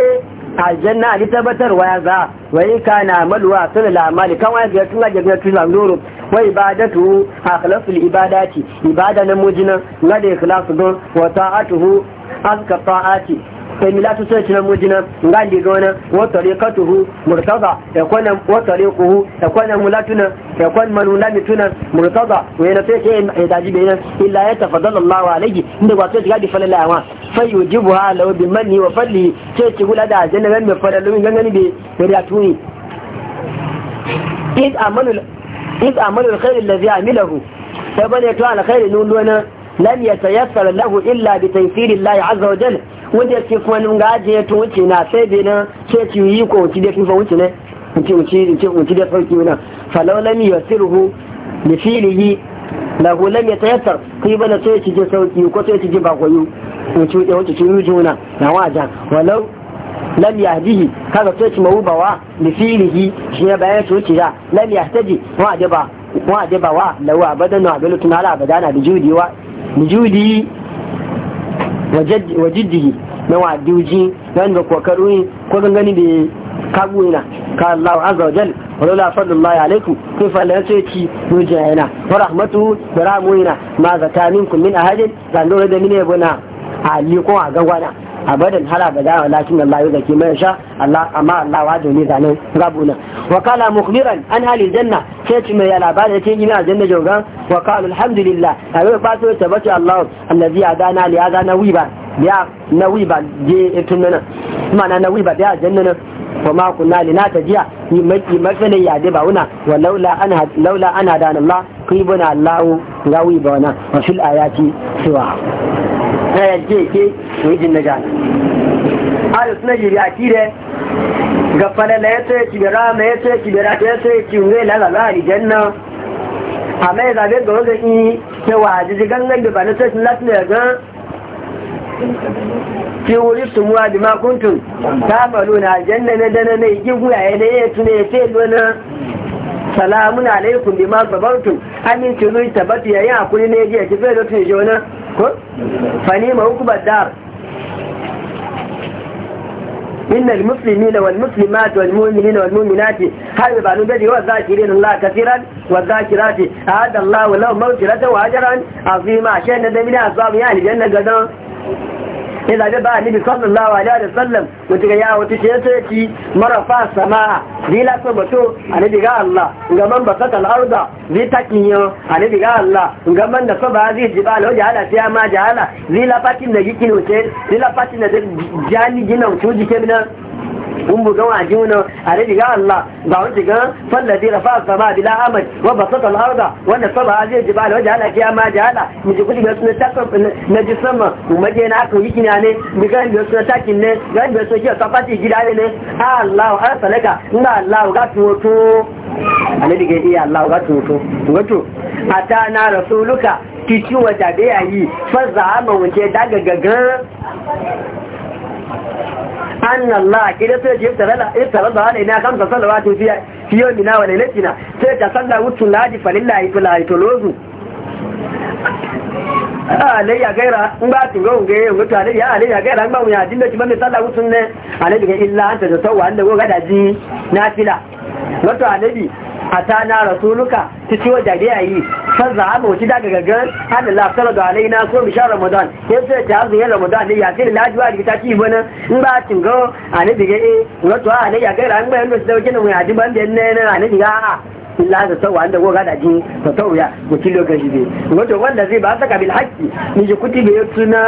aljanna ali tabbatarwa ya za wai kana malwa sulul amali kan wani ga tun ga ga tun doro wa ibadatu akhlasul ibadati ibada na mujina ngade ikhlasu don wa ta'atuhu azka ta'ati فإن لا مجنة قال نقال لقونا وطريقته مرتضى يكون وطريقه يكون ملاتنا يكون من ملامتنا مرتضى وينفيك يداجي بينا إلا يتفضل الله عليه عند قاتلت قال الله لا فيجيبها له بمنه وفله تقول هذا عزينا من فلا لهم جنة برياتوني إذ أمنوا إذ أمن الخير الذي عمله فبني يطلع على خير نقول لنا لن يتيسر له إلا بتيسير الله عز وجل wanda ce kuma nun gaje to wuce na sai bai nan ce ci yi ko wuce da fifa wuce ne wuce wuce wuce da sauki wuna falau lam yasirhu da filihi lahu lam yatayassar kai ba na sai ci je sauki ko sai ci ji ba koyo wuce wuce wuce ci yi juna na waja walau lam yahdihi kaga sai ci mawubawa li filihi shi ya bayan su wuce ya lam ya taji da ba wa da ba wa lawa abadan wa na ala abadana da judiwa wa judiyi wa na wa diuji nan da kokarin ko gangani da kaguna ka Allah azza wa jal wala fadlullahi alaikum kai fa Allah sai ci yana wa rahmatu da ramuina ma zata min ahadin dan dole da mine buna ali ko a gangwana abadan hala ga dawa lakin Allah ya zaki mai sha Allah amma Allah wa da ne zanen nan wa kala an hali janna sai ci mai labari ya ce ina janna jogan wa qala alhamdulillah yau ba so bace Allah allazi a li adana wiba ya nawi ba je tunana kuma na nawi ba da janna nan wa ma kunna lina tajiya ni maki magana ya ba wuna wa laula ana laula ana dana Allah kibuna Allah gawi ba wana wa fil ayati suwa na yanke ke to yi jinna jani ala suna jiri a kire ga falala ya sai ki bera ya sai ki bera ya sai ki ngai la A ali janna a ya zabe ga wanda yi ke wa ji gangan da bana sai sunna ne ga ki wuri tumuwa da makuntun ta malo na janna na dana ne ki guya ya ne ya tune ya sai lona salamun alaikum bi ma gabartum amin ci zuci tabbata yayin hakuri ne jiya ki zai zai je wani ko fani ma hukumar dar إن المسلمين والمسلمات والمؤمنين والمؤمنات هل يبعلوا بدي والذاكرين الله كثيرا والذاكرات أعد الله لهم مغفرة وأجرا عظيما شأن دمنا أصحاب يعني جنة قدام ya zabe ba annabi sallallahu alaihi wasallam wata ya wata ce ta ci marafa sama dila so bato annabi ga Allah ga man basata al-arda zai takiyo annabi ga Allah ga man da so ba zai jibal wa jahala sai ma jahala zai la fatin da yake ne zai la fatin da jani gina wuce jikin nan mun buga wa juna a rabi ga Allah ba wani ga fallazi rafa sama bila amad wa basata al-arda wa nasaba azil jibal wa jala kiyama jala mu ji kudi suna takar na ji sama mu maje na aka yi kina ne mu ga da suna takin ne ga da suna kiyo safati gida ne Allah arsalaka inna Allah ga tuwoto annabi ga iya Allah ga tuwoto wato ata na rasuluka kici wa tabi'ayi fa za wuce daga gagan an Allah ke da sai ce iftara da halaye na kamsa salawatu fiye fiye mina wa lailatina sai ta sallar wutun ladi falillahi filaitolozu alayya gaira in ba tun gawon gaye a ta na rasuluka ta ci wa a yi san za a wuce daga gaggan hannun lafsar da alai na so bishar ramadan ya fi ta hazin yin ramadan ne ya fi lajiwa da ta ci bana in ba a cinga a ne diga e wato a ne ya gaira an bayan da su dauke da mai ya ban da ne na ne diga a illa da tsawa inda goga da ji ta tauya da kilo gashi ne wato wanda zai ba saka bil haqqi ni ji kuti da tuna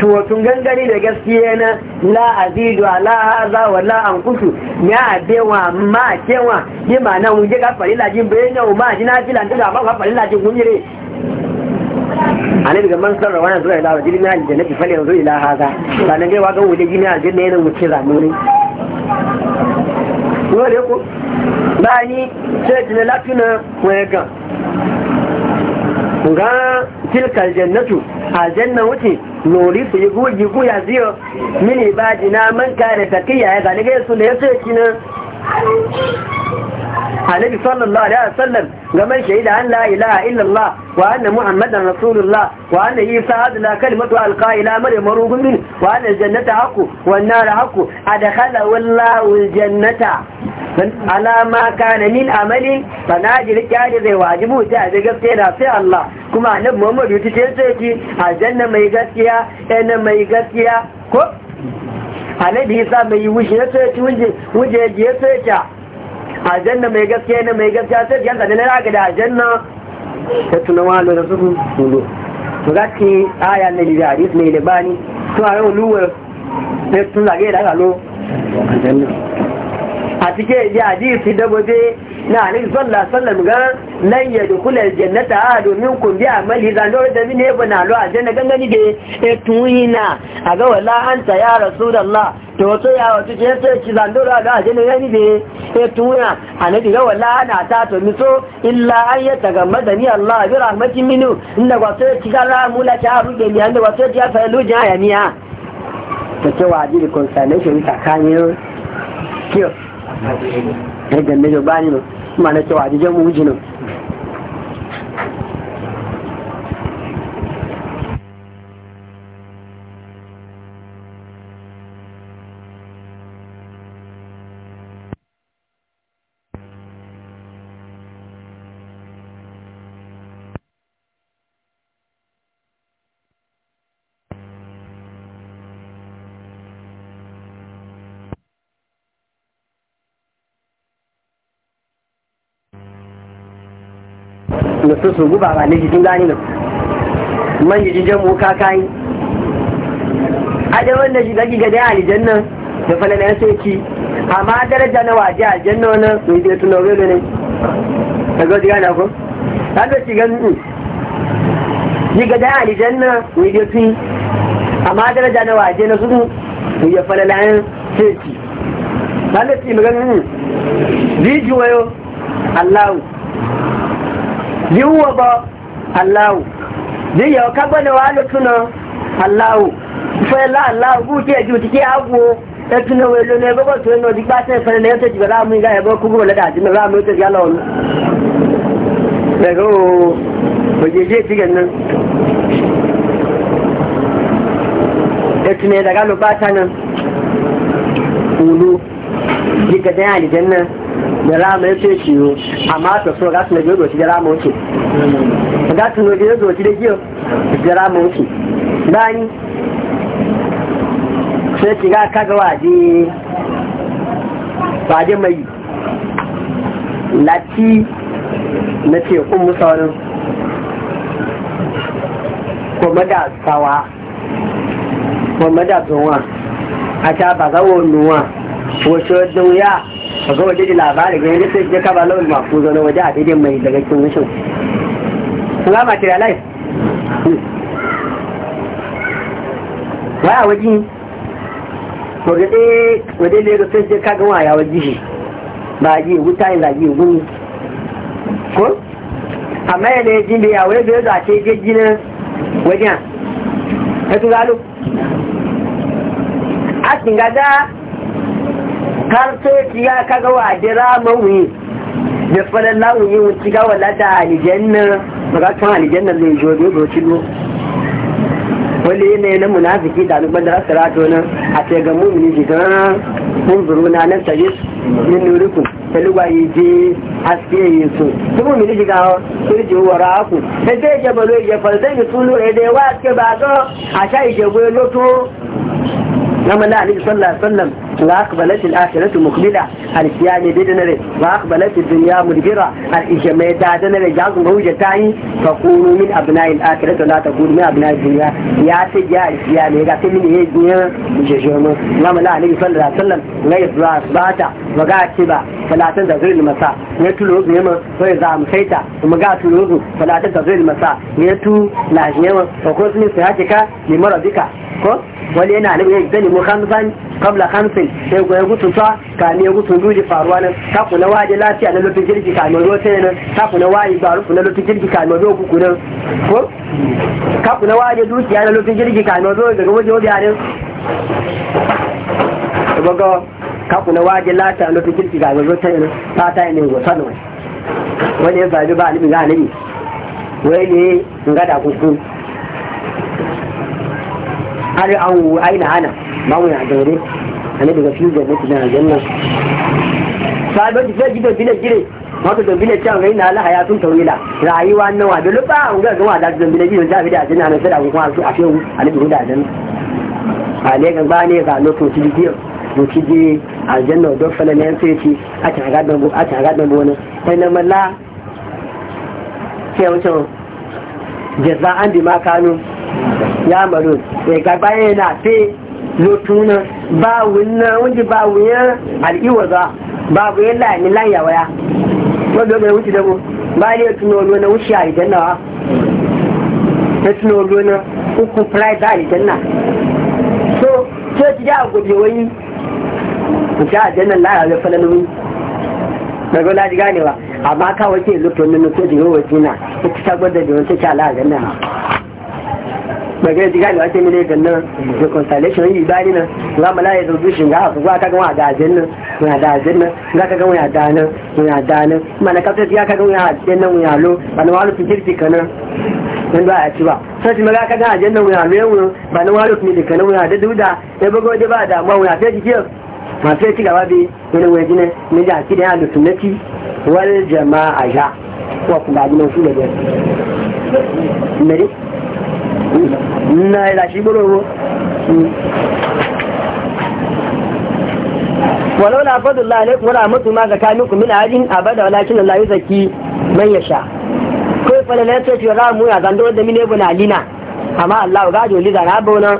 to tun gangare da gaskiya na la azidu ala hadha wa la an kusu ya adewa ma kewa ni ma mun je ka fari farila jin bayyana ma ji jina filan da ba ka fari farila kun yire annabi daga man sarra wannan zuwa ila wajin na aljannati fali yanzu ila hada sanan gaiwa ga wajin na aljanna yana muke zamuni dole ko báyìí ṣe ìjìnlẹ̀ látúnà wọ́n ẹ̀ ga tilkal jannatu aljanna wuce nori su yi guji guya ziyo mini ba jina man kare takiya ya ga su da ya ce annabi sallallahu alaihi wasallam game shaida an la ilaha illallah wa anna muhammadan rasulullah wa anna isa adla kalimatu alqa ila maryam marugun min wa anna jannata haqqu wan nar haqqu adkhala wallahu aljannata ala ma kana min amalin fanajil kyari zai wajibu ta da gaske da sai Allah kuma annabi muhammad yuti ce ce aljanna mai gaskiya ina mai gaskiya ko annabi isa mai wuce ya ce wuje wuje ya ce aljanna mai gaskiya ne mai gaskiya sai yan da na da aljanna ta tuna wani da su hudu to ga ki aya ne da hadis ne libani bani to a yau luwa ne tun zage da ga lo aljanna a cikin ya hadisi da gobe na alaihi sallallahu sallam ga lan ya dukula jannata a domin kun bi amali zan dole da mini ba na lo aljanna gangani da e tuyina a ga wala anta ya rasu da rasulullah to wato ya wato je sai ki zan dole da aljanna gangani da e tuyina annabi ga wala ana ta to mi so illa an ya tagammada ni allah bi rahmatin minu inda wato ki ga ramula ta ruge ni inda wato ya fa lu jaya niya to cewa ajiri consolation tsakanin kiyo ba bá ba ma na cewa ajijen mu wujinan da su su guba ba ne jikin gani man yi mu wanda shi ga dai aljannan da na waje aljanna ne ko ta shi gani ga dai aljanna zai tuni amma daraja na waje na su mu ta shi ne Allahu yíwọ bọ aláwò yíyọ kágbọ́nà wà ló túnà aláwò fẹ́ láàláwò kú tí ẹ̀jú ti kí á wo ẹtù náà wẹ̀lú ní ẹgbẹ́ tó ẹnu ọdí gbáṣẹ́ ìfẹ́ ní ẹ̀tọ́ ìjìbẹ̀ láàmú ìgbà ẹ̀bọ́ kúrò lọ́dà àti mẹ́rọ àmì ìtọ́jú yálọ̀ ọ̀nà pẹ̀lú òjèjì ìtìgẹ̀ náà ẹtù náà ìdàgálò gbáṣẹ́ náà òlu jíkẹ̀dẹ́ àdìjẹ́ náà da ya ce ciwo amma ta so gasu na biyo da rama wuce gasu na biyo doci kaga waje mai lati na ce kun sawa kuma da tsohon a ta wasu da ka zo waje da labari ga yadda sai ka ba lawal mafu zo na waje a daidai mai daga cikin wishin kuma materialize waya waje ko ga dai waje da ga sai ka ga waya waje shi ba ji wuta yin zagi gumi ko amma ya ne jin da ya waje da za ce ga jinin wajen ka tu galo a cikin gada ki ya kaga wa dira mawi da falon yi wuci ga wala da daga kan aljanna ne jo do do cilo wale ne na munafiki da alubar da asirato nan a ce ga ji shigar mun zuru na nan taje min nuriku ta lugwa yi je haske yi so su mummuni shiga kurji wara ku sai dai je balo ya falsai da sulu ya eh, dai wa ke ba ga a sai ije go loto na mana ali sallallahu alaihi wasallam لا أقبلت الآخرة مقبلة alkiyami bi da nare wa aqbalat ad-dunya mudbira al-ijma ta da nare ya zun ta yi fa kunu min abna'il akhirah la kunu min abna'id dunya ya ce ya alkiyami ga sai min yayi dunya je je mu ngama la alayhi sallallahu alaihi wasallam ngai ibra bata wa ga ce ba salatan da zuri masa ya tulo ne ma sai ya mu saita kuma ga tulo zu salatan da zuri masa ya tu la je mu ko ko sun sai ka ni dika ko wani yana nan ya zani mu khamsan qabla khamsin sai ko ya ta ka ne gutu gudu faruwa nan ta kuna waje lafiya na lufin jirgi kamar rota nan ta kuna waje barufu na lufin jirgi kamar zo kuku nan ko ka kuna waje dukiya na lufin jirgi kamar zo daga waje waje nan ka kuna waje lafiya na lufin jirgi kamar rota nan ta ta ne wata nan wani ya zabi ba alimi ga alimi wai ne ngada kuku ari an wu aina ana ba mu dore ani daga fi da mutu na janna sabar da ji gidan bile gire wato don bile cewa ina la hayatun tawila rayuwa nawa da lupa ga ga wa da da bile gire da bi da janna na sada kuma su a shehu ani bi da janna ale ga ba ne ga lokacin cikin doki a aljanna da fala ne sai ci a ta ga dan a ta ga dan wani sai na malla sai wato jaza'an bi ma kanu ya marun sai ga bayan sai lotuna ba wunna wunji ba al'iwa za ba wunya lani lanya waya Ba wanda wuce da mu ba ne ya tuno lona wuce a idan wa? ya tuno lona uku za a idan na so ce ki da gobe wani ki a jannan lara da falalu daga laji ganewa amma kawai ke lotuna ne ko jiwo wajina ita ta gwada da wata kyala a jannan magana jiga gani wace mene ga da consolation yi bani nan ga mala ya zo shi ga haka ga kaga wa da ajin nan wa da ajin nan ga kaga wa da nan mana ka ta ya kaga nan ba na fikirti nan ba a ci ba sai shi maga kaga ajin nan wa lo yau ba na fikirti kana wa da duda ya bago da ba da ma wa ta ji masu ya ci gaba bi wani waje ne na da akidai a lusunati wal jama'a ya kuma abinan su da na ilashi gbogbo walau na fadun lalek wani mutu ma zaka muku na ajin abada walakin da yi zaki man ya sha kai fala na ce ra mu ya zando da mine na lina amma Allah ga joli da rabo nan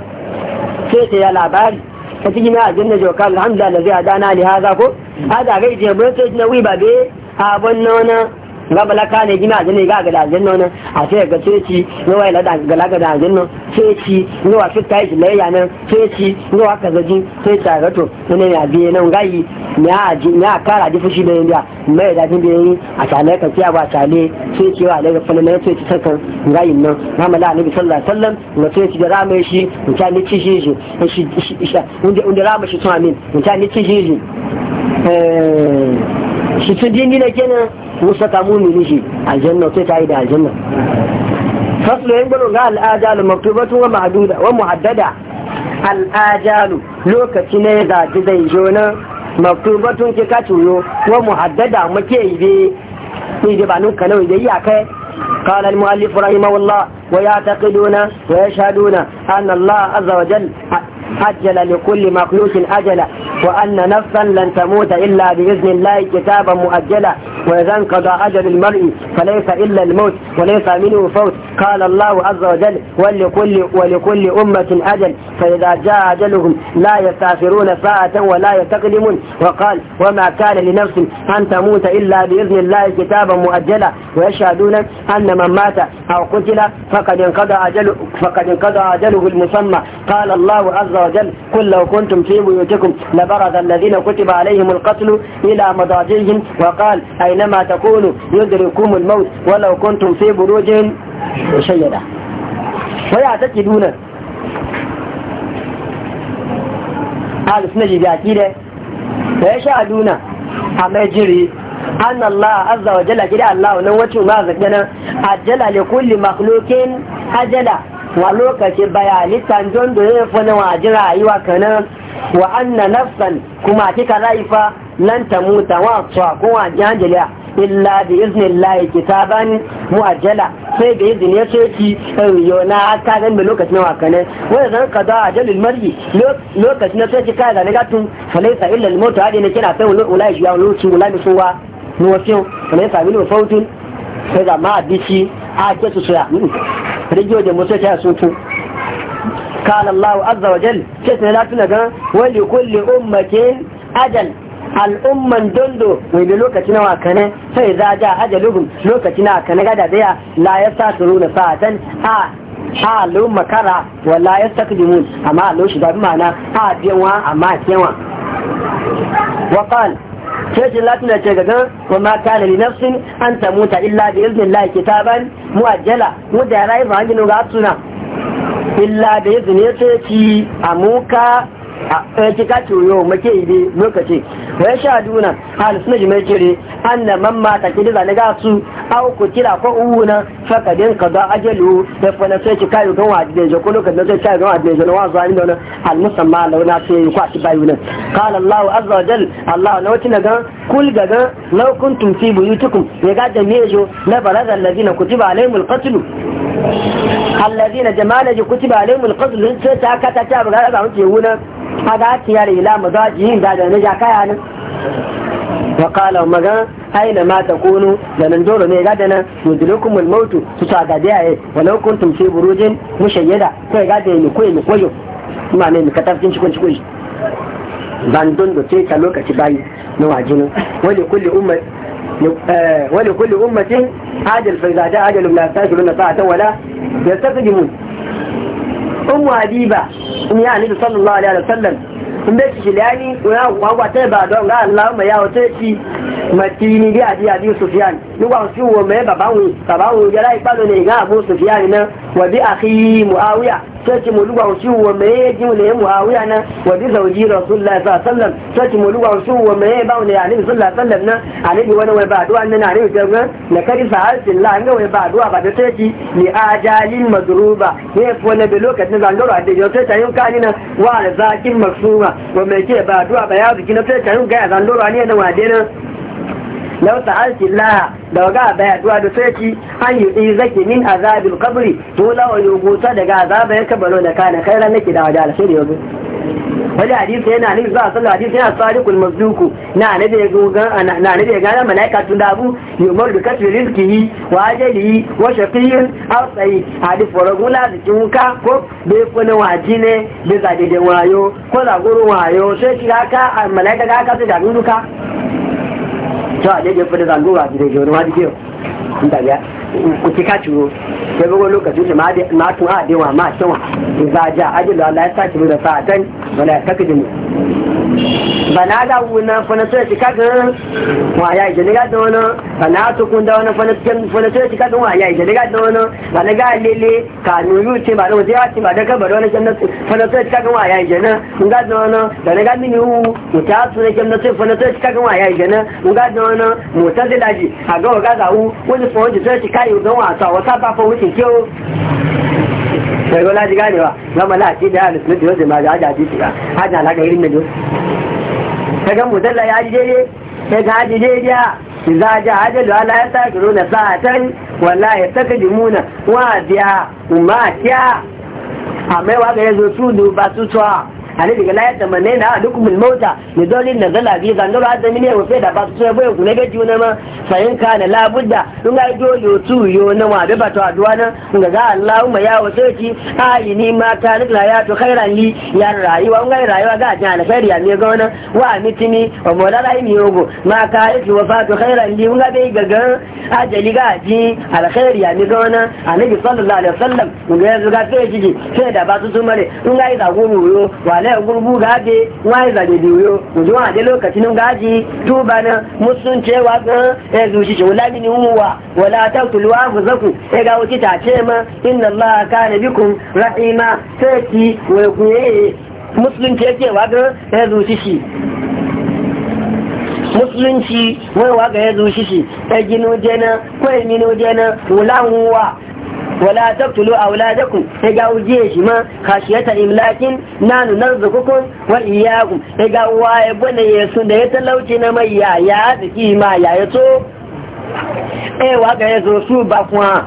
sai ta ya labari ta na gina ajinna joka alhamdulillah da zai adana li haza ko hada na wi ba abun nona ga balaka ne gina ajin ne ga ga dajin nan a sai ga ceci ne wai lada ga laga dajin nan ceci ne wa fitta yi ne ya nan ceci ne wa kaza ji sai ta ga to ne ya biye nan gayi ne a ji ne a kara ji fushi da yanda mai da jin a tale ka ciya ba tale ceci wa daga ne ceci gayin nan annabi sallallahu alaihi wasallam ne ceci da shi ci shi shi e shi ci e e shi shi eh shi tun ne kenan su saka mumini shi aljanna sai ta yi da aljanna faslo yin gudun ga al'ajalu maktubatu wa ma'aduda wa muhaddada al'ajalu lokaci ne da zai jo nan maktubatun ka tuyo wa muhaddada muke yi be ni da ba nun kanau da iyakai قال المؤلف رحمه الله ويعتقدون ويشهدون أن الله عز وجل أجل لكل مخلوق أجل وأن نفسا لن تموت إلا بإذن الله كتابا مؤجلا وإذا انقضى أجل المرء فليس إلا الموت وليس منه فوت قال الله عز وجل ولكل, ولكل أمة أجل فإذا جاء أجلهم لا يستأخرون ساعة ولا يتقدمون وقال وما كان لنفس أن تموت إلا بإذن الله كتابا مؤجلا ويشهدون أن من مات أو قتل فقد انقضى أجله, فقد انقضى أجله المسمى قال الله عز وجل قل لو كنتم في بيوتكم لبرز الذين كتب عليهم القتل إلى مضاجعهم وقال أينما تكونوا يدركم الموت ولو كنتم في بروج شيدة ويعتقدون أهل السنة بأكيدة ويشهدون أما يجري أن الله عز وجل كده الله نوته ما ذكرنا أجل لكل مخلوق أجل wa lokacin bayanitan don da ya fi na wajen rayuwa kanan wa anna nafsan kuma kika raifa lan ta muta wa tsawa ko wa jangiliya illa bi iznillahi kitaban muajjala sai da izini ya soki yo na aka gan da lokacin wa kanan wanda zan ka da ajalul mar'i lokacin na soki kai da naga tun falaisa illa al mautu hadi ne kina sai ulai ya uluci ulai suwa ni wasu ne sabilu fautun sai da ma a bici a ke su soya Kar a ji waɗannan musu a cikin yari suna ka al'adu a aza wa ɗari sai suna na ga wani likun likun makin adal al'umman dondo mai bi lokaci na wa kane suna yi raja a adaluhu lokaci na ga da daya na ya sa tsaro na sa a zan a a makara wa na ya saka limu a ma a laushi da abin ma a na a biyanwa a ma a sai latina latin da ce gagan wa ma kana li nafsin an tamuta illa bi iznillahi kitaban muajjala mu da rayu ba hangin ga suna illa da izini sai ki amuka a cika eh, ciwo make yi lokaci ya sha duna hal suna jimai kire an man mamma ta kidi zane ga su au ku kira ko uwuna fakadin ka za ajalu da fana sai ki kayu gan wadi da ko lokacin da sai kayu gan wadi da wa zuwa inda wannan al musamma wani sai ku a ci bayu nan qala allah azza wa jal allah na wata ga kul ga ga law kuntum fi buyutikum ya ga da mejo na barazal ladina kutiba alaihimul qatl allazina jama'a ji kutiba alaihimul qatl sai ta kata ta buga da muke wuna kaga yare ila mazajihin da da ja kaya ne wa qala maga aina ma takunu da nan dole ne ga dana yudrikum al mautu su ta ga dai walau kuntum fi burujin mushayyada kai ga dai ni koyi ni koyo kuma ne ka tafkin cikon cikon don da ce ta lokaci bayi na wajinin wani kulli ummat ولكل أمة عجل فإذا جاء عجل لا يستأجلون ساعة ولا يستقدمون أم حبيبة أم يعني صلى الله عليه وسلم in da shi lani wa wa ta ba don ga Allah ma ya wata ci matini bi adi adi sufyan ni wa su wo me baba wu wu ya lai ne ga abu sufyan na wabi akhi muawiya sai mu luwa shi wa me ji ne muawiya nan wabi zauji rasulullahi sallallahu alaihi wasallam sai mu luwa shi wa me ba ne ali sallallahu alaihi wasallam nan ali wani wai ba duwa nan ali ga ga na kari sa'alin la ga wai ba duwa ba da sai li ajalin madruba ne ko ne da lokacin da ngaro da yo sai tayin kani nan wa zakin maksuma wa me ke ba duwa ba ya zuki na sai tayin ga ya zandoro ne da wade nan لو ta'alti الله لو a baya duwa da sai an yi ɗi القبر min azabil kabri to يكبر yuguta daga azaba ya kabaro da kana kai ran nake da wajen alheri wani hadisi yana nufi zuwa sallu hadisi yana sadiqul mazduku na nabi ya gogan na nabi ya gana malaika tun da abu yumar da kasri rizkihi wa ajalihi wa shaqiyin aw sayi hadisi da kinka ko da fana waji ne da zadede wayo ko wayo sai shi malaika ga ka duka tó àlejò fẹ́lẹ́ sàn lóra àti ìjọ lokacin wọ́n ti kí o nígbàgbá kòtí káàkiri tẹ́gbẹ́gbẹ́ lókàtí ó sì máa bana ga wuna fana sai ci kaga wa ya ji daga da wani bana to kun da wani fana cikin fana sai ci wa ya ji daga da wani bana ga lele ka nuyu ce ba da ya ce ba da wani fana sai ci kaga wa ya ji na mun ga da wani da ga mini hu mu ta su ne sai fana sai ci kaga wa ya ji na mun ga da wani mu ta a ga ga da hu wani fa wani sai ci kai don wata ba fa wuce kyau sai ga laji ganewa zama la da ya lusu da yau da ma irin yau kaga musalla ya jere ya ga haji jeriya za ji haji da ala ya sake nuna sa'atan wala ya saka jimuna wa biya umma kiya amma wa ga yazo su ba su tsawa ani diga la da mane na alukumul mota ne dole na zala bi zangar hada azami ya wafe da ba su boye ku ne ga juna ma sayin ka na labudda dun ga do yo tu yo na wa da ba to aduwa na in ga ga Allahumma ya wace ki ayi ni ma ta la ya to khairan li ya rayuwa un ga rayuwa ga jin na ya ne ga wannan wa mitini wa mola rai mi yogo ma ka yi wafa to khairan li un ga bai gaga ajali ga ji alkhairi ya ni ga wannan annabi sallallahu alaihi wasallam in ga ya zuga sai ji sai da ba su sumare in ga yi zago mu yo wa alai gurbu gaje wai zage biyo yanzu wa je lokacin gaji tuba na musun cewa ga eh zuci ce wala min huwa wala taqtulu anfusakum e ga wuci ta ce ma inna allaha kana bikum rahima sai ki ku musulunci yake wa ga eh zuci shi musulunci wai wa ga ya zuci shi ta gino jena kwai mino jena wula huwa wala taqtulu awladakum ga uje shi ma khashiyata imlakin nanu narzukukum wa iyyakum ga waye bane yesu da ya talauci na mai ya ya tsiki ma ya eh wa ga yazo su ba kuma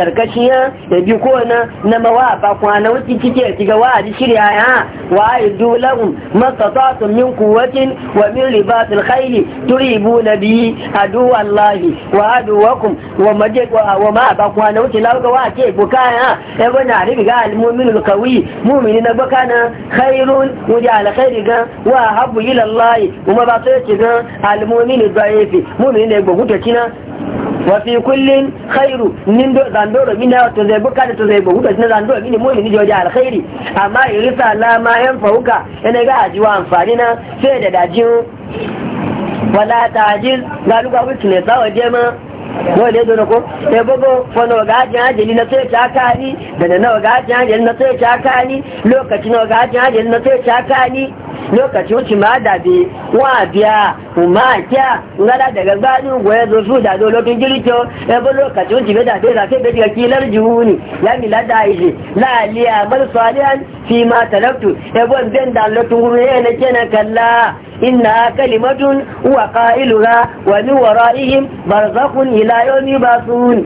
karkashiya ya bi ko na na mawa ba kwana wuce kike kiga wa di shirya ya wa aidu lahum mastata'tum min quwwatin wa min ribatil khayl turibuna bi adu wallahi wa aduwakum wa maje wa ma ba kwana wuce lauka wa ce bukaya ya bana riga al mu'minul qawi mu'mini na bukana khairun wuja al khairi ga wa habu ila allahi kuma ba sai ce ga al mu'minu da'ifi mu'mini ne gbuguta kina wafi kullin khairu nin do zan do mina to zai buka da to zai buka da zan do mini mu'mini joji alkhairi amma irisa la ma yan fauka ina ga ajiwa amfani na sai da dajin wala tajiz galuga wuce ne sawa jema wani ne dole ko sai bugu wani waga ajiyar ajiyar na tsoye ta kani da na waga ajiyar ajiyar na tsoye ta kani lokaci na waga ajiyar ajiyar na tsoye ta kani lokaci wuce ma da bi wa biya ma kya ngala daga gbanin goye zo su da dolokin girkyo ebe lokaci wuce bai da bai da bai daga kilar juhuni ya mi lada ishe la'aliya mal salihan fi ma taraktu ebe ben da lokacin wuri ne kenan kalla إنها كلمة هو قائلها ومن ورائهم برزخ إلى يوم يبعثون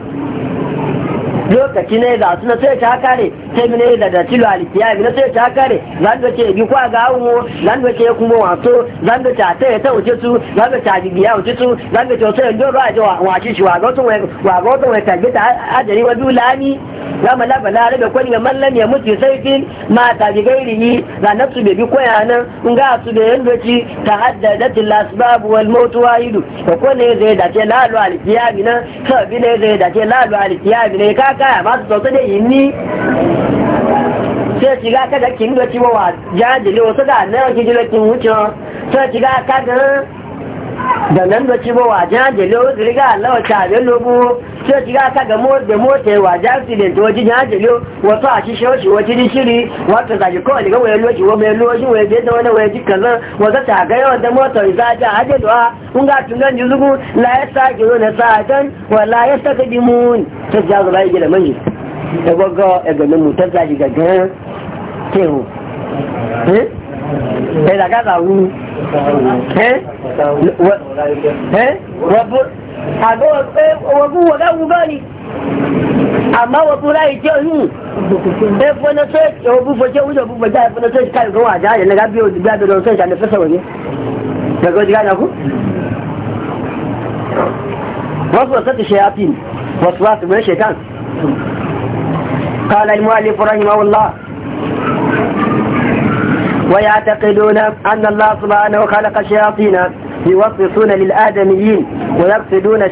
lokaci ne ga suna sai ta kare sai mine da da tilo alikiya mine sai ta kare zan da ce bi kwa ga hawo zan da ce kuma wato zan da ta ta ta wuce su zan da ta bibiya wuce su zan da ce sai ndo ba jawa wa shi shi wa ga to wa ga to wa ta gita ajari wa dulani ya mala bala da kwani ga mallam ya mutu sai kin ma ta bi gairi ni da nafsu be bi koya nan in ga su da yanda ci ta haddadat al wal maut wahidu ko ne zai da ce lalu alikiya mine sai bi ne zai da ce lalu alikiya mine ka káyà bá sọ tó dé yìí sai shiga kada kin da ciwo wa jajile wasu da nan ki jira kin wuce sai shiga kada da nan da ciwo wa jajile wasu riga Allah ta da lobo sai ki ga ga da mota to ji ja ji lo jelo to a sho shi wa shishe ni wajen shiri wato zaji kawai daga wayan loji wa mai loji wa bai da wani ji ka zan wata ta ga yawan da mota za ja je do a un ga tungan juzugu la ya sa ki na sa dan la ya ka saka dimun ta ja ga zuwa yi da manji da gogo ga nan mutar zaji ga ga te tehu eh ẹ̀dà gáàsà wúrú wọ̀bú wọ̀gá wú gọ́ ni ويعتقدون أن الله سبحانه خلق الشياطين يوصصون للآدميين ويقصدون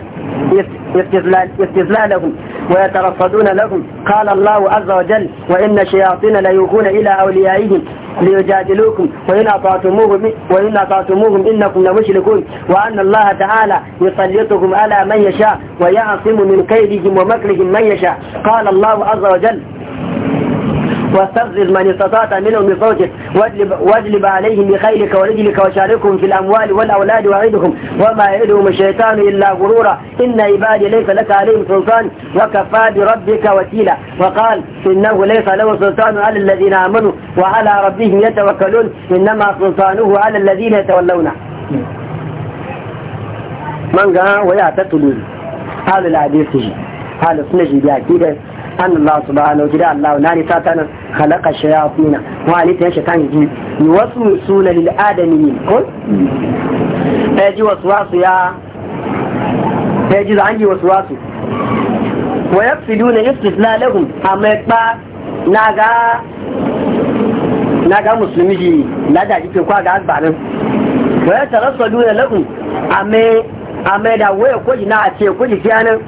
استذلالهم ويترصدون لهم قال الله عز وجل وإن الشياطين ليوخون إلى أوليائهم ليجادلوكم وإن أطعتموهم وإن أطعتموهم إنكم لمشركون وأن الله تعالى يسلطكم على من يشاء ويعصم من كيدهم ومكرهم من يشاء قال الله عز وجل واستفزز من استطعت منهم بصوتك واجلب, واجلب عليهم بخيلك ورجلك وشاركهم في الأموال والأولاد وعدهم وما يعدهم الشيطان إلا غرورا إن عبادي ليس لك عليهم سلطان وكفى بربك وكيلا وقال إنه ليس له سلطان على الذين آمنوا وعلى ربهم يتوكلون إنما سلطانه على الذين يتولونه من قال ويعتقدون هذا العديد هذا سنجي بأكيد an Allah subhanahu gida Allah na ni satana khalaqa shayafina, wa ni ta shaytan ji wasu musuna lil adami ko ta eh, ji wasu wasu ya ta eh, ji an ji wasu wasu wa ya fi duna yafsiduna istislalahum amma ba na ga musulmi ji lada ji ko ga albarin wa tarasaduna lahum amma amma da waya kuji na a ce kuji kiyanan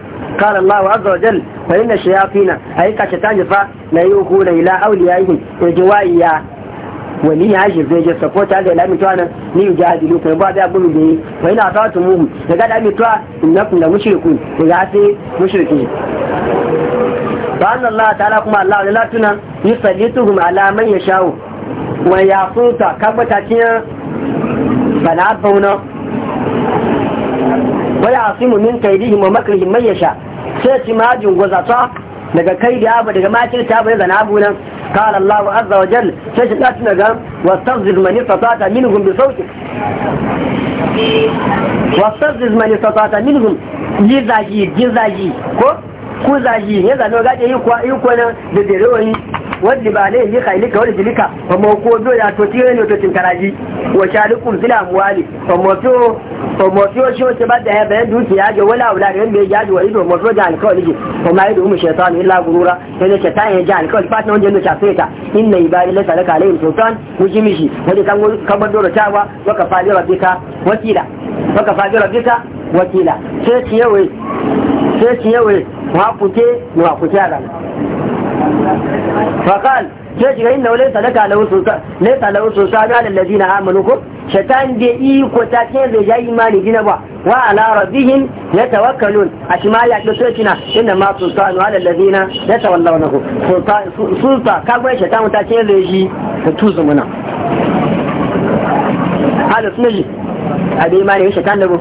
قال الله عز وجل فإن الشياطين أي كشتان جفا لا يوكون إلى أوليائهم وجوائيا wani ya shi zai je support ta da lami tuwa nan ni yi jihadi lokacin ba da gudu da yi wa ina ta wata muhu daga lami tuwa na kula mushriku daga sai mushriki ba an Allah ta'ala kuma Allah latuna yi ya ya min kaidihim wa man ya sha sai ci majin gwazata daga kai da abu daga makin ta bai zana abu nan wa الله wa وجل sai shi kasu daga wastazir mani min minhum bi sauti wastazir mani min minhum yi zagi yi zaji ko ku zagi ya zano gaje yi kuwa yi kuwa nan da dare wani wadda ba ne yi kaili ka wani jilika ba ma ko zo ya to tiyo ne to tinkaraji wa shalikun fila muwali ba ma to ba ma to shi wace ba da ya bayan dukiya ga wala wala da yanda ya jaji wa ido ma to da alkawali ji ba yi ido umu shaitan illa gurura sai da shaitan ya ji alkawali fatin wanda ya shafe ta inna ibadi la salaka alaihim sultan mujimishi wanda kan kabar dora tawa wa ka fali rabbika wakila wa ka fali rabbika wakila sai ciyawe sai ciyawe wa kuke wa kuke ran fakal sai shiga inda wale sadaka lau su sami ala lazi na amanu ko shaitan da iko ta ce zai ja imani gina ba wa ala rabbihim ya tawakkalun a shi ma ya kito kina inda ma su sami ala lazi na ya tawalla na ko sulta kagwai shaitan ta ce zai ji ta tuzu muna halu suna ji a da imani ya shaitan da bu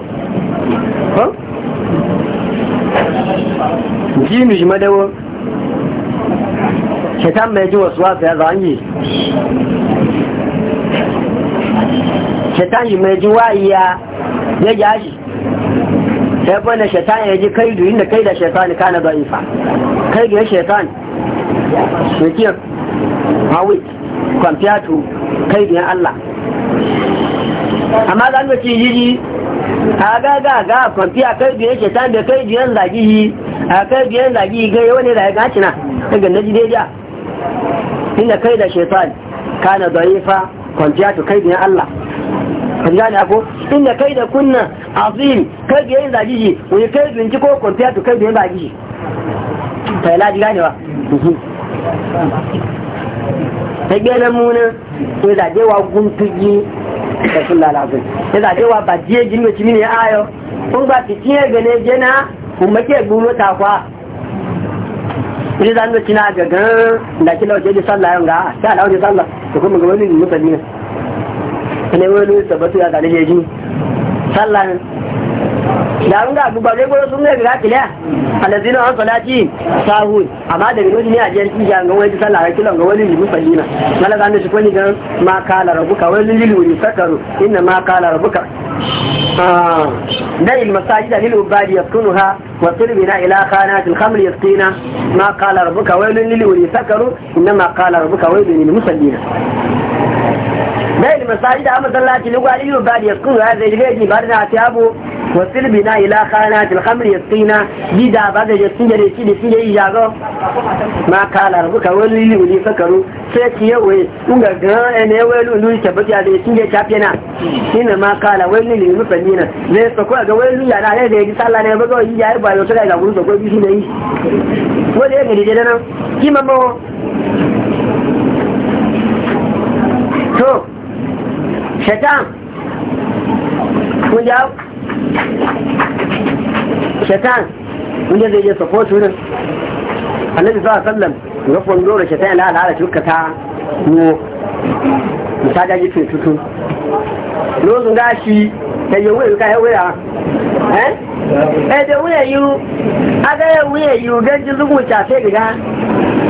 ji mu ji shaitan mai ji wasu wasu ya zanyi shaitan yi mai ji wa'iya ya yashi sai bane shaitan ya ji duyin da kai da shaitan kana da ifa kai duyin shaitan shekiyar hawi kwamfiyatu kai duyin Allah amma za mu yi yi a gaga ga kwamfiya kai duyin shaitan da kai duyin zagi yi a kai duyin zagi ga yau ne da ya gaci na daga na ji daidai inda kai da shaitan kana da'ifa kwanciya to kai ne Allah kan gane inda kai da kunna azim kai da zagiji wani kai binci ko kwanciya to kai da yin zagiji ta yi laji ganewa mhm. ta gane muna ya zagewa guntugi da sun lalazin ya zagewa ba jiye jini mai cimini ayo kun ba gane kuma ke gulo takwa shi da da cina ga gan da kila waje da sallah yau ga ta da waje sallah to kuma ga wani mutane ne ne wani sabatu ya da ne ji sallah da an ga duba zai gwada sun ga ga kila alazina an salati sahu amma da gidoji ne a jiyar kija ga wani sallah ga kilan ga wani limu fallina mala zan shi kwani ga ma kala rabuka wani lilu ni sakaru inna ma kala rabuka دعي المساجد للعباد يسكنها وصلبنا إلى خانات الخمر يسقينا ما قال ربك ويل للولي سكروا إنما قال ربك ويل للمسلمين دعي المساجد أما صلاة للعباد يسكنها زي الغيجي بارنا أتيابه wasil bina ila khana til khamri yasqina bida kala rubuka wani yi ne sakaru da shi da tafena ina ma kala wai lulu mu fannina ne sako ga wai lulu yi sallah ne ba ga yi ya ba yo sai ga gurin sako bi shi ne wanda ya gari da nan kima mo to shaitan kun jawo shaitan wanda zai je sako turin annabi sa sallam ga fondo da shaitan la ala tuka ta mu ga yi tutu lozun gashi ta yi wuya ka yi wuya eh eh da wuya yi aga wuya yi ganji zugun ta sai daga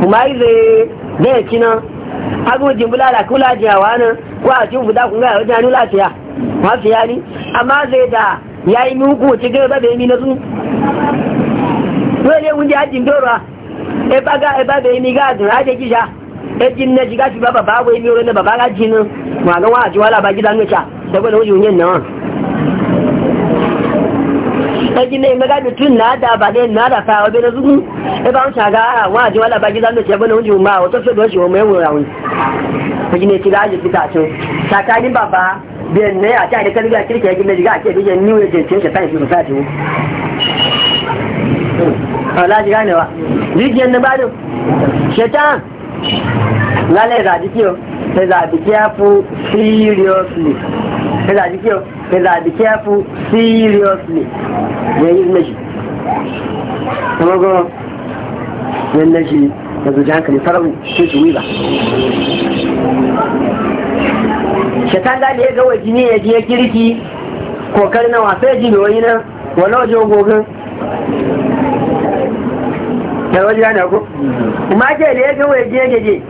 kuma yi zai zai ya nan agun jimbula da kula ko a cin fuda kun gaya wajen hannu lafiya mafi yani amma zai da ya yi mugu ci gaba da yi na su dora e baga e baga yi miga adun e jin na jiga baba yi na baba ma ga wa ji wala ba gidan saboda nan magina maga bitun na da ba ne na da fawa bai na zugun e ba wuce ga ara ah, wa ji wala ba gidan da ke bane wunji ma wato so doshi mai wura wuni magina ti da ji ta to sakani baba bi ne a ta da kalga kirke ne diga ke bi ni wuri je ce ta shi musati wu ala ji ganewa rijiyar na ba da shetan lalai radiciyo fẹ́lá be careful seriously be careful be careful seriously hankali sai su wiba ya ga waje ne ya je kirki na wasa ya ji da wani nan wani gogin kuma ya ya je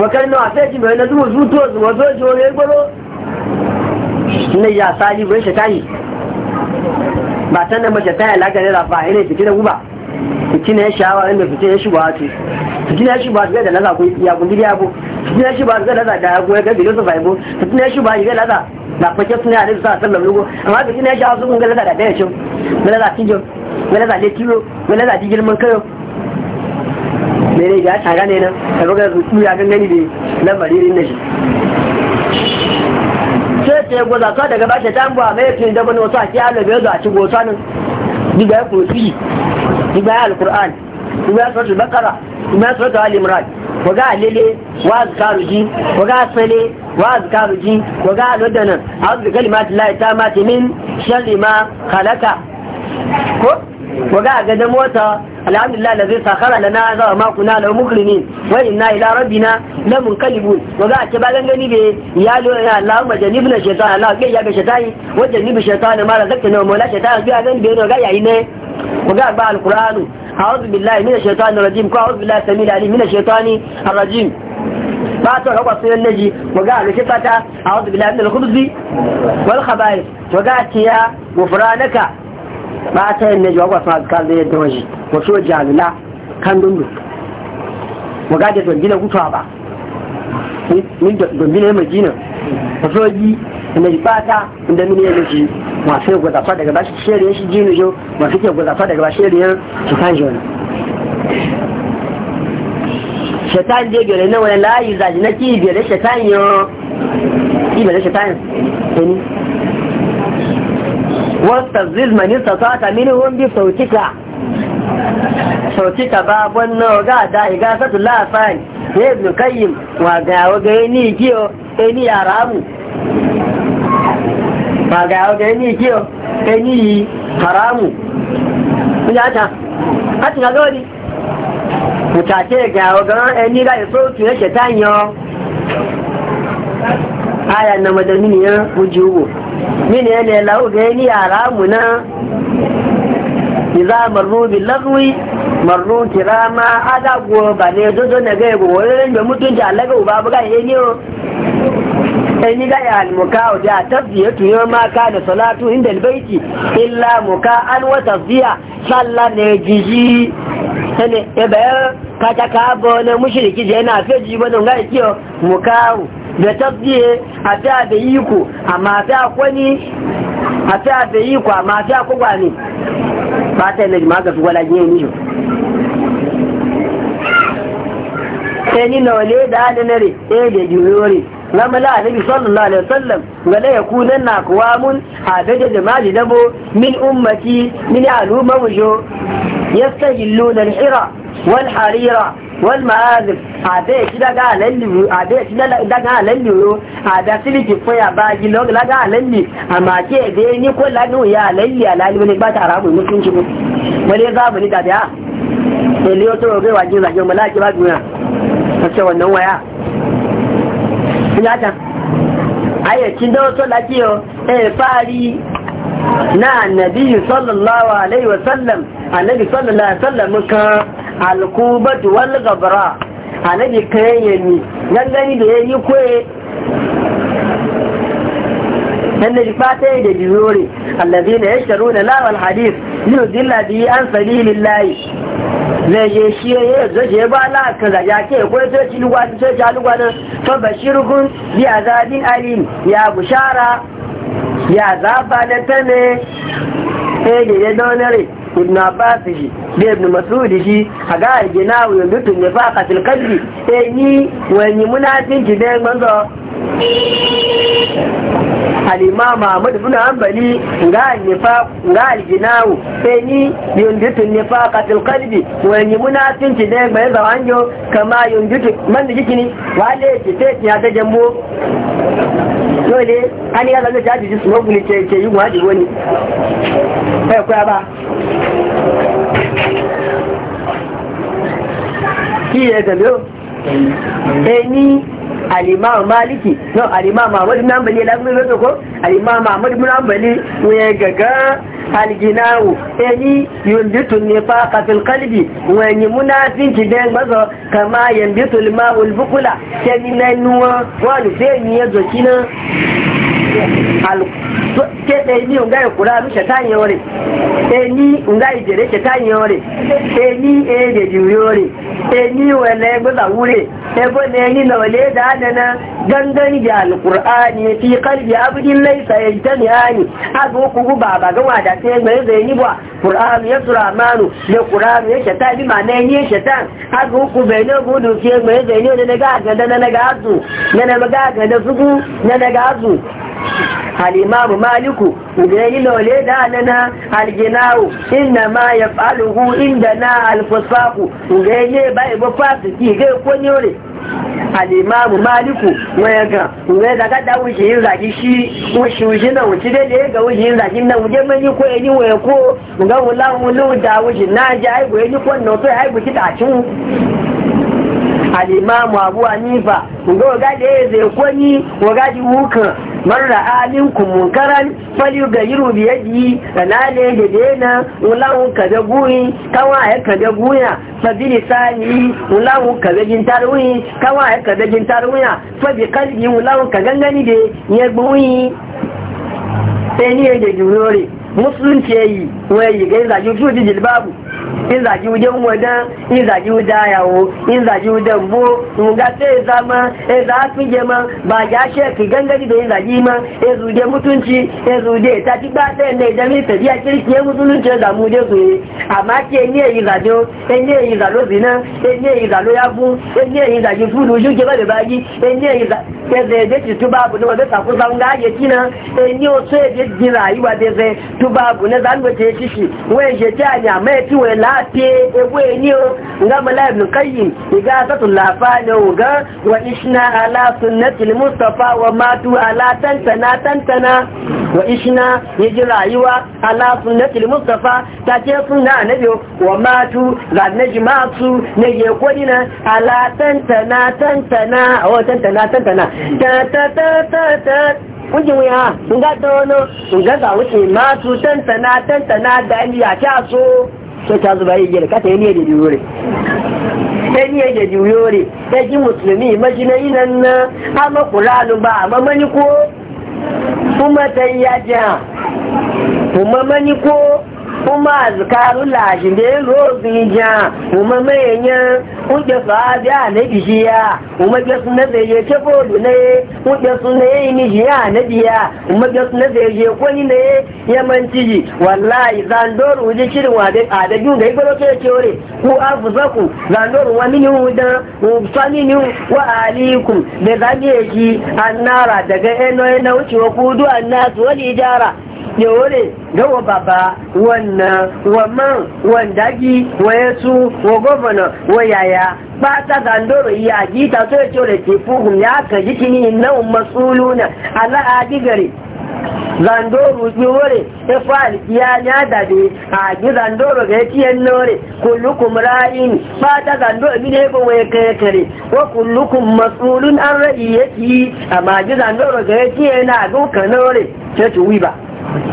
wakar nawa sai ji mai na zuwa zuto zuwa zo ji wani gwaro na ya sali bai shakani ba ta nan mace ta yi lagare da fa ina fitina guba fitina ya sha'awa inda fitina ya shigo hatu fitina ya shigo hatu da laza ko ya gundi ya ko fitina ya shigo hatu da laza da ya ko ya ga bidiyo sai ko fitina ya shigo hatu da laza da fake suna alaihi sallallahu alaihi wasallam amma fitina ya sha'awa sun kun ga laza da daya cin laza tijin laza da tiro laza da girman kayo mene ya ta gane nan ta ga ruku ya gangani da lamarin na shi sai ta yago za daga bashi ta a mai fi da bane wasu a kiya alabe yanzu a ci gosa nan diga ya kursi diga ya alkur'an diga ya suratul bakara diga ya suratul al-imran waga alele wa azkaruji waga asale wa azkaruji waga alwadanan a'udhu bi kalimati ta mati min sharri ma khalaqa ko waga gadan mota الحمد لله الذي سخر لنا هذا وما كنا له مقرنين وإنا إلى ربنا لمنقلبون وقال كبالا غني بي يا اللهم جنبنا الشيطان الله كي يا شيطان وجنب الشيطان ما رزقتنا ومولا شيطان في هذا البيت وقال يا عيني وقال بقى القرآن أعوذ بالله من الشيطان الرجيم أعوذ بالله السميع العليم من الشيطان الرجيم fata هو sunan النجي waga a أعوذ بالله من الخبز والخبائث kuduzi يا غفرانك ba ta yin na jawa kwa sama ka zai da waje wasu jami'a kan dundu mu gaje dongina gutuwa ba ni dongina ya majina wasu yi na yi bata inda mini ya mace masu yi gwazafa daga ba shi shirya shi jini jo masu ke gwazafa daga ba shirya su kan jona shaitan je gere na wani layi zaji na ki gere shaitan yo ki gere shaitan واستفزز من استطعت منهم بصوتك sauki ka babon nawa ga da iga satu lafani ya ibn kayyim wa ga waga ya ni kiyo ya ni wa ga ya ni ya ni haramu mutace ga ya ni ga ya ya shetan yau aya na madanini ya wuji hugo من أن ne lau ni yara mu na iza marru bi lagwi marru kirama ada go ne dodo ga go da mutunci Allah uba buga ya ne o sai ni ga ya almuka da ma ka da salatu inda albayti illa muka an wa tasbiya sallah ne jiji sai e eh, ba ka ta na muka da tasbiye a ta da yi ku a mafi akwani a ta da yi ku a mafi akwagwa ne ba ta yi na jima'a ga su wala ne ni sai ni nawale da alinare e da juriyori na mala annabi sallallahu alaihi wasallam wala yakunan na kuwamun a da da maji dabo min ummati min aluma wujo يستجلون الحرى والحريرة والمآذب àbẹ́ ìṣídá gáàlẹ́ lòrò àdásílìkì fún àbájí lọ́gbà gáàlẹ́ lè àmàkí ẹ̀dẹ́ ní kó lágbóhùn ya àlẹ́lì àlálìwọ́n ya gbátà àrábùn ní fún ṣíkú wọlé záàbù ní tàbí à èlé ó tó rọ̀gbẹ́ wà jí ìrìnàjò mọ́láàkí bá gbìyàn ọ̀ṣẹ́ wọ̀nà wọ́yá ayyakin da wasu lafiyo eh fari na annabi sallallahu alaihi wasallam annabi sallallahu alaihi wasallam ka alkubat wal gabra annabi kayan yanni gangani da yayi koye annabi fata da biyore allazina yashtaruna la wal hadith yudilla bi an sabilillahi zai je shi ya zai je ba la kaza ya ke ko sai ci lugwa sai ci lugwa nan fa bashirukum bi azabin alim ya bushara ya zaba da tane eh da donare ibn abbas ji da ibn mas'ud ji aga gina wa mutun ne faqa til qalbi e ni wani munafiqi da manzo alima mahmud bin hanbali ga nifaq ga aljinawu sai ni yunditu wa munafinci da kama man da sai ya ta jambo dole an jaji ji ke ke yi wani kai ba ki ya al'imam maliki no al'imam mahmud ibn hanbali ya lafi mai ko al'imam mahmud ibn hanbali ya gaga alginawu eni yunbitu nifaqa fil qalbi wa ni munafinci den mazo kama yunbitu al-ma'ul bukula kenin nuwa wani sai ni ya zoki ke ɗaya ni nga yi kura mi shaitan yore e ni nga yi jere shaitan yore e ni e da juyore e ni wale gbaza wure e bo ne ni na wale da adana gangan da alkur'ani fi kalbi abdin laisa ya jitani ani abu kugu baba ga wada ta yi mai zai ni ba Al-Qur'an ya suramanu ya kur'an ya shaitan bi ma na yi shaitan abu ku bai ne gudu ki mai zai ni wani na ga gada na na ga azu na na ga gada sugu na na ga azu alimamu maliku ugire ni lole da nana alginawo inna ma ya faluhu inda na alfasafu ugire ni ba ya bo fasu ki ga kwenye ore alimamu maliku mayaga ugire da gada shi yin zaki shi shi wuce na wuce dai da yaga wuce yin zaki na wuce mani ko ya ni waya ko ga wula wulu da wuce na ji haigu ya ni ko na so ya haigu shi ta cin alimamu abu anifa ugire ga da ya zai kwenye ugire da wuka man ra'a minkum munkaran falyughayyiru bi yadihi lale da dena ulahu kaza guyi kawa ya kaza guya fa bi lisani ulahu kaza jin tarwi kawa ya kaza jin tarwiya fa da musulunci in zagi wajen wadan in zagi wajen yawo in zagi wajen bo ga sai zama e za ba ya sheki gangari da zagi ma zuje mutunci e zuje ta ci ba sai ne tafi a kirki ya mutunci da mu je su yi amma ke ne yi yi zalo zina yi zalo ya bu yi zagi ke ba da bagi yi zai ci zan ga ya o ji rayuwa da zai zan ba ce shi shi wai je ta nya mai lafe egwe ne ga mala ibn qayyim iga satu lafa ne ga wa ishna ala sunnatil mustafa wa matu ala tantana tantana wa ishna yaji rayuwa ala sunnatil mustafa ta ce sunna annabi wa matu ga naji matu ne ye kodina ala tantana tantana wa tantana tantana ta ta ta ta ta kujin wuya ga wuce matu tantana tantana da ta so so ta zuba yi gele kata yini yaje juyore sai yaje juyore sai ji musulmi majina inan na amma qur'anu ba amma mani ko kuma tayyaja kuma mani ko kuma zikaru lashi da rozi ja kuma mayanya a na bishiya kuma ke suna zai je ce fodu na ye kuke suna yi mishi ya na biya kuma ke suna zai je kwani na ye yamanci ji wallahi zandoru wuji shirin wade a da biyu da igbaro ke cewore ku afu zaku zandoru wa mini hudan usanini wa alikum da zage shi annara daga eno na wucewa kudu annasu wani jara yawore wa baba wannan waman wandagi wa yasu wa gwamna wa yaya ba ta zandoro yi a gita so ya ce da ke fuhun ya ka ji kini na matsulu na ala'adi gari zandoro yawore ya fa alkiya ya dade a gi zandoro ga yake yan nore kullukum ra'in ba ta zandoro bi ne ba wai kare kare wa kullukum mas'ulun an ra'iyati amma gi zandoro ga yake yana ga kanore ce tuwi ba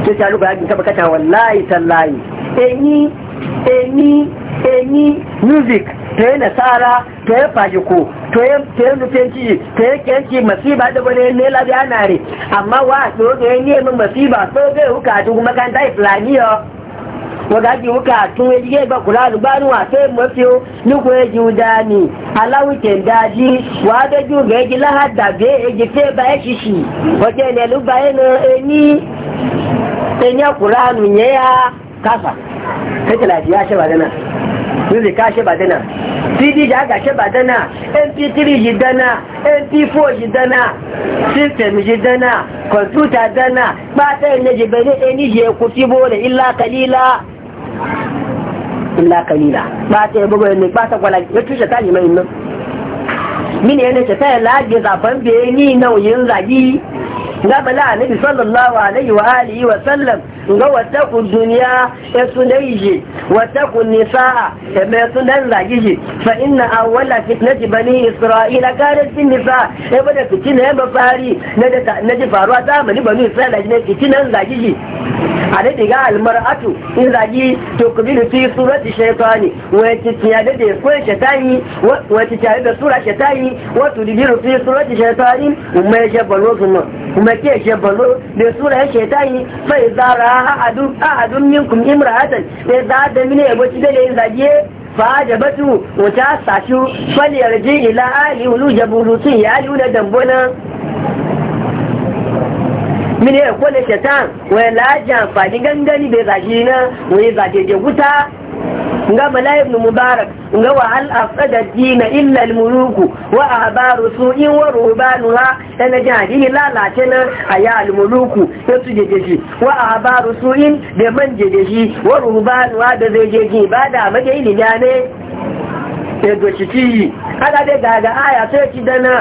ke ta lugu yakin kaba kata wallahi tallahi eni eni eni music ta yi nasara ta yi fajiko ta yi nufinci ta yi kyanci masiba da wani ne labi ana re amma wa so ga yi neman masiba so ga yi hukatu makaranta islamiyya ji wuka tun eji ge ba kula lu ba nuwa sai mafi yau o ni ko eji uda ni alawu daji wa be ju ga ji lahar da be eji fe ba ya shishi o je ne lu ba e eni sai ya ƙuranu ya ya kasa ta talafi ya shi ba dana music ka shi ba dana cd da aka shi ba dana mp3 shi dana mp4 shi dana system shi dana computer dana ba ta yin na jibere ɗani eh, shi ya kusi bole illa kalila illa kalila ba ta yi bugu ne ba ta kwala ya tushe ta limanin nan mini yana ce ta yi lagi zafan biye ni nauyin zagi ga bala annabi sallallahu alaihi wa alihi wa sallam ga wataku duniya ya e sunaije wataku nisaa ya e mai sunan zagije fa inna awwala fitnati bani isra'ila kanat fi nisa ya bada e fitina ya mafari na da na ji faruwa ta bani bani isra'ila ne fitinan zagije ale diga almar'atu in zagi to kabilu fi surati shaytani wa titiya da da ko shaytani wa titiya da sura shaytani wa tudiru fi surati shaytani umma jabalo kuma kuma ke jabalo da sura shaytani fa izara ahadu ahadun minkum imra'atan za da mine yabo ci da in zagi batu wata sashu yarji ila ali ulu jabulutin ya yuna dambona mini ya kwale shaitan wai laji amfani gangani bai zaji na wai zaje je wuta nga malayi ibn mubarak nga wa al afsada dina illa al muluku wa ahbaru su'in wa ruhbanuha dana la lalace nan aya al muluku ya su je shi wa ahbaru su'in da man je shi wa ruhbanuha da zai je ji ba da maje ilimi ne edo cikiyi ana dai gaga aya sai ki dana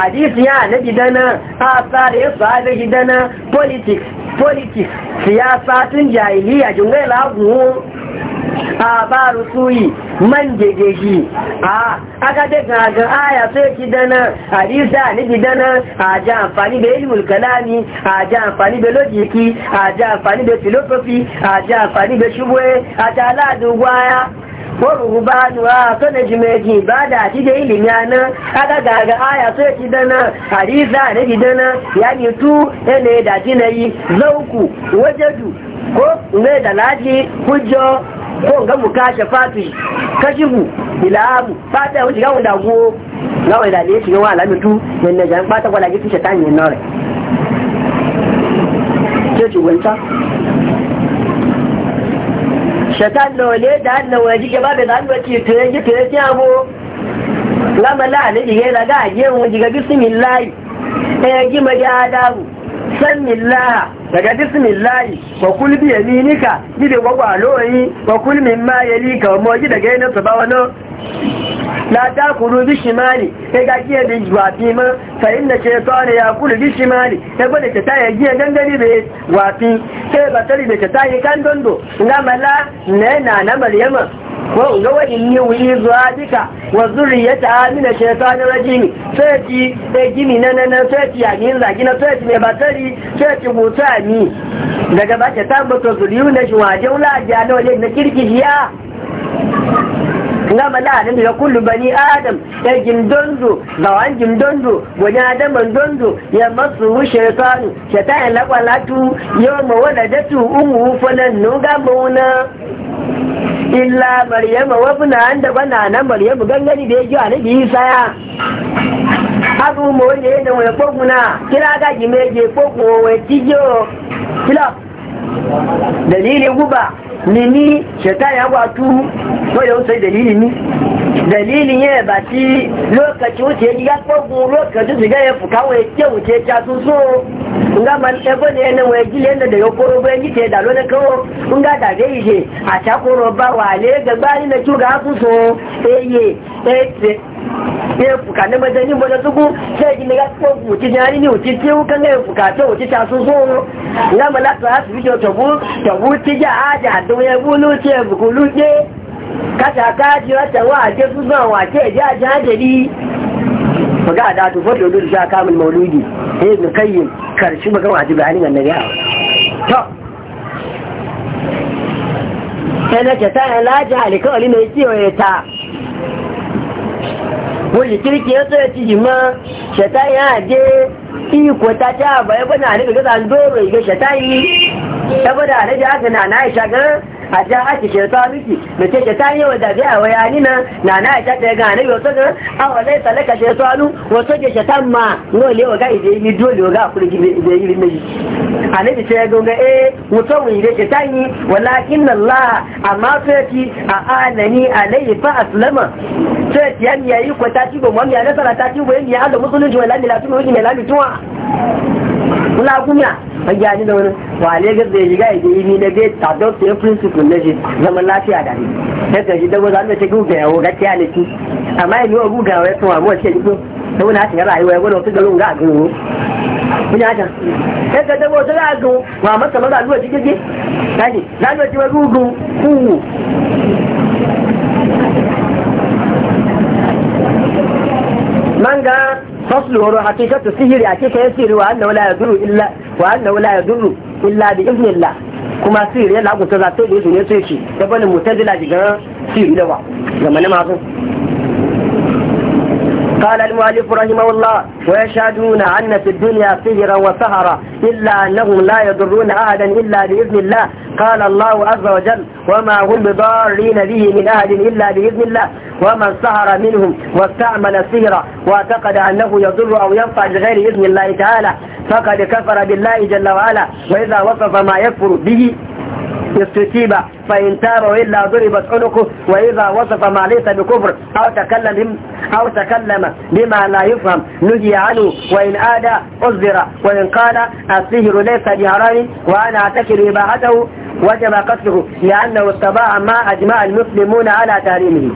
hadisi ya nabi dana asar ya sahabi dana politics politics siyasa tun jahiliya jungai lagu a baru suyi man gegeji a aka dai gaga aya sai ki dana hadisi a nabi dana a ji amfani da ilmul kalami a ji amfani da logiki a ji amfani da philosophy a ji amfani da shubwe a ta aladun gwaya ورهبانها كنجمتي بعد عتيد إلميانا أكا قاقا آية سيتدنا حديثة نجدنا يعني تو إني داتيني زوكو وجدو ko ne da laji hujjo ko ga mu kashe fatu kashibu bilamu fata wuce ga wanda go ga wanda ne shi ga wala jan fata ta ne nore ce ci wanta shaitan na wale da hannun waje gaba da zanuwa ce tunan ji tunan siya bo lama la'ani jiga da ga ajiyar waje ga bismillahi ɗaya ji maji adamu san millaha daga bismillahi wa kul bi yaminika bi da gwagwaloyi wa kul min ma ka wa moji daga yanar su ba wani la ta kuru bi shimali ya ga giya da wafi ma fa inda shaytan ya kuru bi shimali ya bada ta taya giya gangare da wafi sai batari da ta taya kan dondo ngamala ne na na maryama ko ga wani ne wuri zuwa dika wa zuriyata amina shaytan rajimi sai ki sai gini na na na sai ki yamin zagi na sai ne batari sai ki buta ni daga ba ta tabbata zuriyu na shi wajen lajiya na wajen na kirkiya na mala nan da kullu bani adam ya gindondo zawan dondo wani adaman dondo ya masu shaitanu shaitan lakwalatu yau ma wadadatu umu fulan nuga mauna illa maryama wa buna an da bana nan maryamu gangani da ya ji annabi isa ya hagu mo ne da wani kokuna kira ga ji meje kokko wai tijo kila dalilin guba ni ni shaitan ya gwatu ko da wuce dalili ni dalilin ya ba ti lokaci wuce ya giga kogun lokaci su ga ya fuka wa ya ce wuce ta su so in ga man ebo ne yana waya gile yana da ya koro bayan gite da lona kawo in ga da zai je a ta koro ba wale ga gbani na cuga su so eye ya fuka na majani ba da tugu sai gina ga ko wuce jari ne wuce ce kan ga fuka ta wuce ta su zo na malaka ha su biyo ta bu ta bu ti ja a ja da ya bulu ce bukulu ce kata ka ji wata wa ke su zo wa ke ja ja da di ga da to fodo dun sha kamul mauludi sai ibn kayyim karshi magan wajibi halin annabi to sai na ta ta alaja alikawali ne ciwo ya ta wani kirki ya tsaye ci jima shata ya je iko ta ah, ta bayan bana daga ga zan doro ga shata yi saboda alaji haka na na ya shagar a ja ake shirta miki mace ke ta yi wa da biya wa yani na na na ya ta ga annabi wato ga awa lai talaka shaytanu wato ke shaitan ma no le wa ga ide ni dole ga ku ji ide yi ne annabi sai ga ga eh mutum ne da shaitan yi walakin Allah amma to yaki a anani alai fa aslama sai yan yayi ko ta ci go mun ya nasara ta ci go yan ya Allah musulunci wala milatu ne wani milatu tuwa kula kunya an gani da wani ba Lagos da shiga ya yi bai principle na shi zaman lafiya da ni ya da yawo ki amma guga ya mu da wani rayuwa ya gwada a gugu kun ya dabo ta ma masa maza cikin kaji gugu manga فصله حقيقة السحر حقيقة يسير وأنه لا يضر إلا وأنه لا يضر إلا بإذن الله كما سير يلعب تزاتي بإذن يسير شيء يبني المتدلة جغان سير لوا زمان ما قال المؤلف رحمه الله ويشهدون أن في الدنيا سهرا وسهرا إلا أنهم لا يضرون أحدا إلا بإذن الله قال الله عز وجل وما هم بضارين به من أحد إلا بإذن الله ومن سهر منهم واستعمل سهرا واعتقد أنه يضر أو ينفع بغير إذن الله تعالى فقد كفر بالله جل وعلا وإذا وصف ما يكفر به استتيب فإن تاب وإلا ضربت عنقه وإذا وصف ما ليس بكفر أو تكلم أو تكلم بما لا يفهم نهي عنه وإن آدى أصدر وإن قال السهر ليس بحرام وأنا أعتقد إباحته وجب قتله لأنه اتباع ما أجمع المسلمون على تحريمه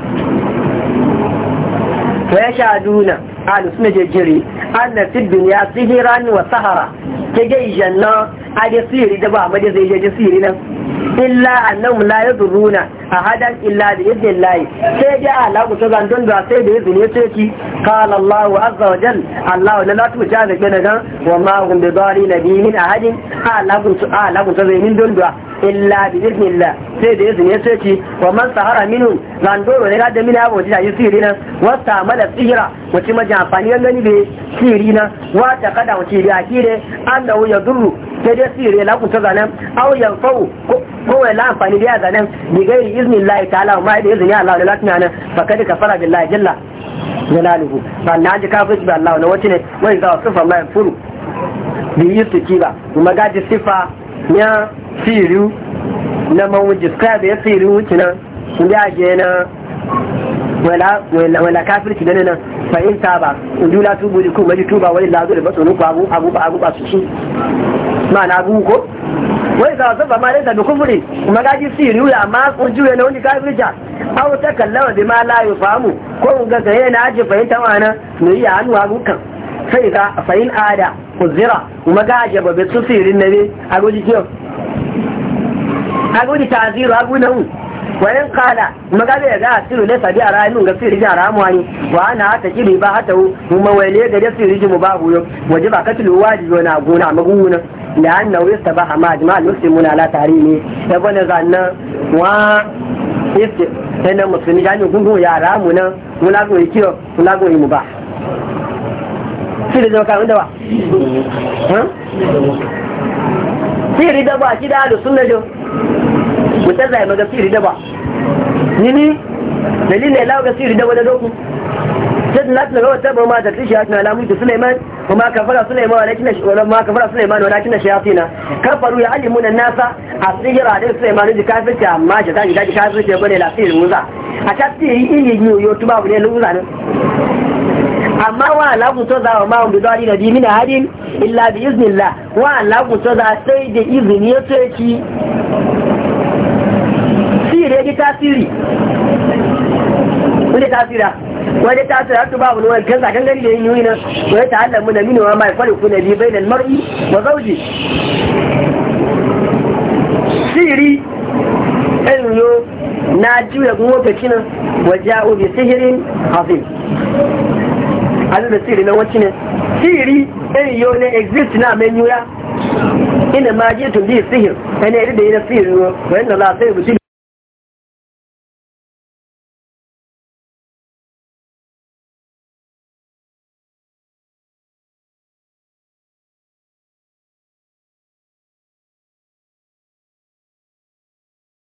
ويشهدون ahli suna je jiri anna fi wa sahara ke ga janna da ba zai nan illa ahadan illa bi idnillahi sai ga Allah ku zan don da sai da ki Allah azza wa jal Allah da wa ma hum bi nabi min ahadin Allah ku Allah ku don da illa bi sai da ki wa man sahara minhu zan ne ga da abu da nan wa ta mala tsira wa ma ji amfani gani da siri na wata kada wace da akire an da ya duru sai dai siri la kunta zanen aw yan fau ko wai la amfani da zanen bi gairi iznillahi ta'ala ma da izini Allah da lafiya nan fa kada ka fara billahi jalla jalaluhu fa na ji kafir da Allah na wace ne wai ga sifa Allah ya furu bi yusuki ba kuma gaji sifa ya siri na mawujin da ya siri wuce nan sun ya je na wala kafirci da nan fa'in ta ba in da kuma ma'ana ko wani ma dai da kufuri kuma gaji siriyu ya amma kun juya na wani kafirci aw ta kallawa bi ma la yufamu ko ga ga yana aje fahimta wana ne ya hannu abu kan sai ga fa'in ada kuzira kuma wayan kala magabe ya ga siru ne sabi a rayu ga sirri ja ramuwani wa ana hata kiri ba hata hu kuma waile ga da sirri mu ba huyo waje ba katulu wajibi na gona magunguna da an nauyi ba hama jama'a muslimuna la tarihi ne ya bane zanna wa yake sai na musulmi ya ne gungun yara mu nan mulago yi kiyo mulago yi mu ba sirri zama kan hmm. hmm? da ba sirri da ba kida da sunna jo mutar zai maga siri da ba nini dalilin ya lawa ga da wadda doku sai da nasu rawar tabbar ma da kishi ya tuna lamu da suleiman wa ma kafara suleiman wa lakin wa ma kafara suleiman wa lakin shayatina kafaru ya alimuna nasa asira da suleiman da kafirci amma shi zai da kafirci bane la muza a ta siri iyi yi yo tuba bane luza nan amma wa alaƙun to za wa ma'un bidari na dimina harin illa bi iznillah wa alaƙun to za sai da izini ya ce ki tasiri ya ji tasiri wani tasira wani tasira har tuba wani wani kansa kan gari da yin yi nan wani ta hallar muna mini wa mai kwari kuna biyu bainan mar'i wa zauji siri ɗan yo na juya kuma lokaci nan waje a obi sihirin hafin halin da siri na wacce ne siri ɗan yo ne exist na ya ina ma je tun biyu sihir ɗan da yi na sihiri wa yadda za a sai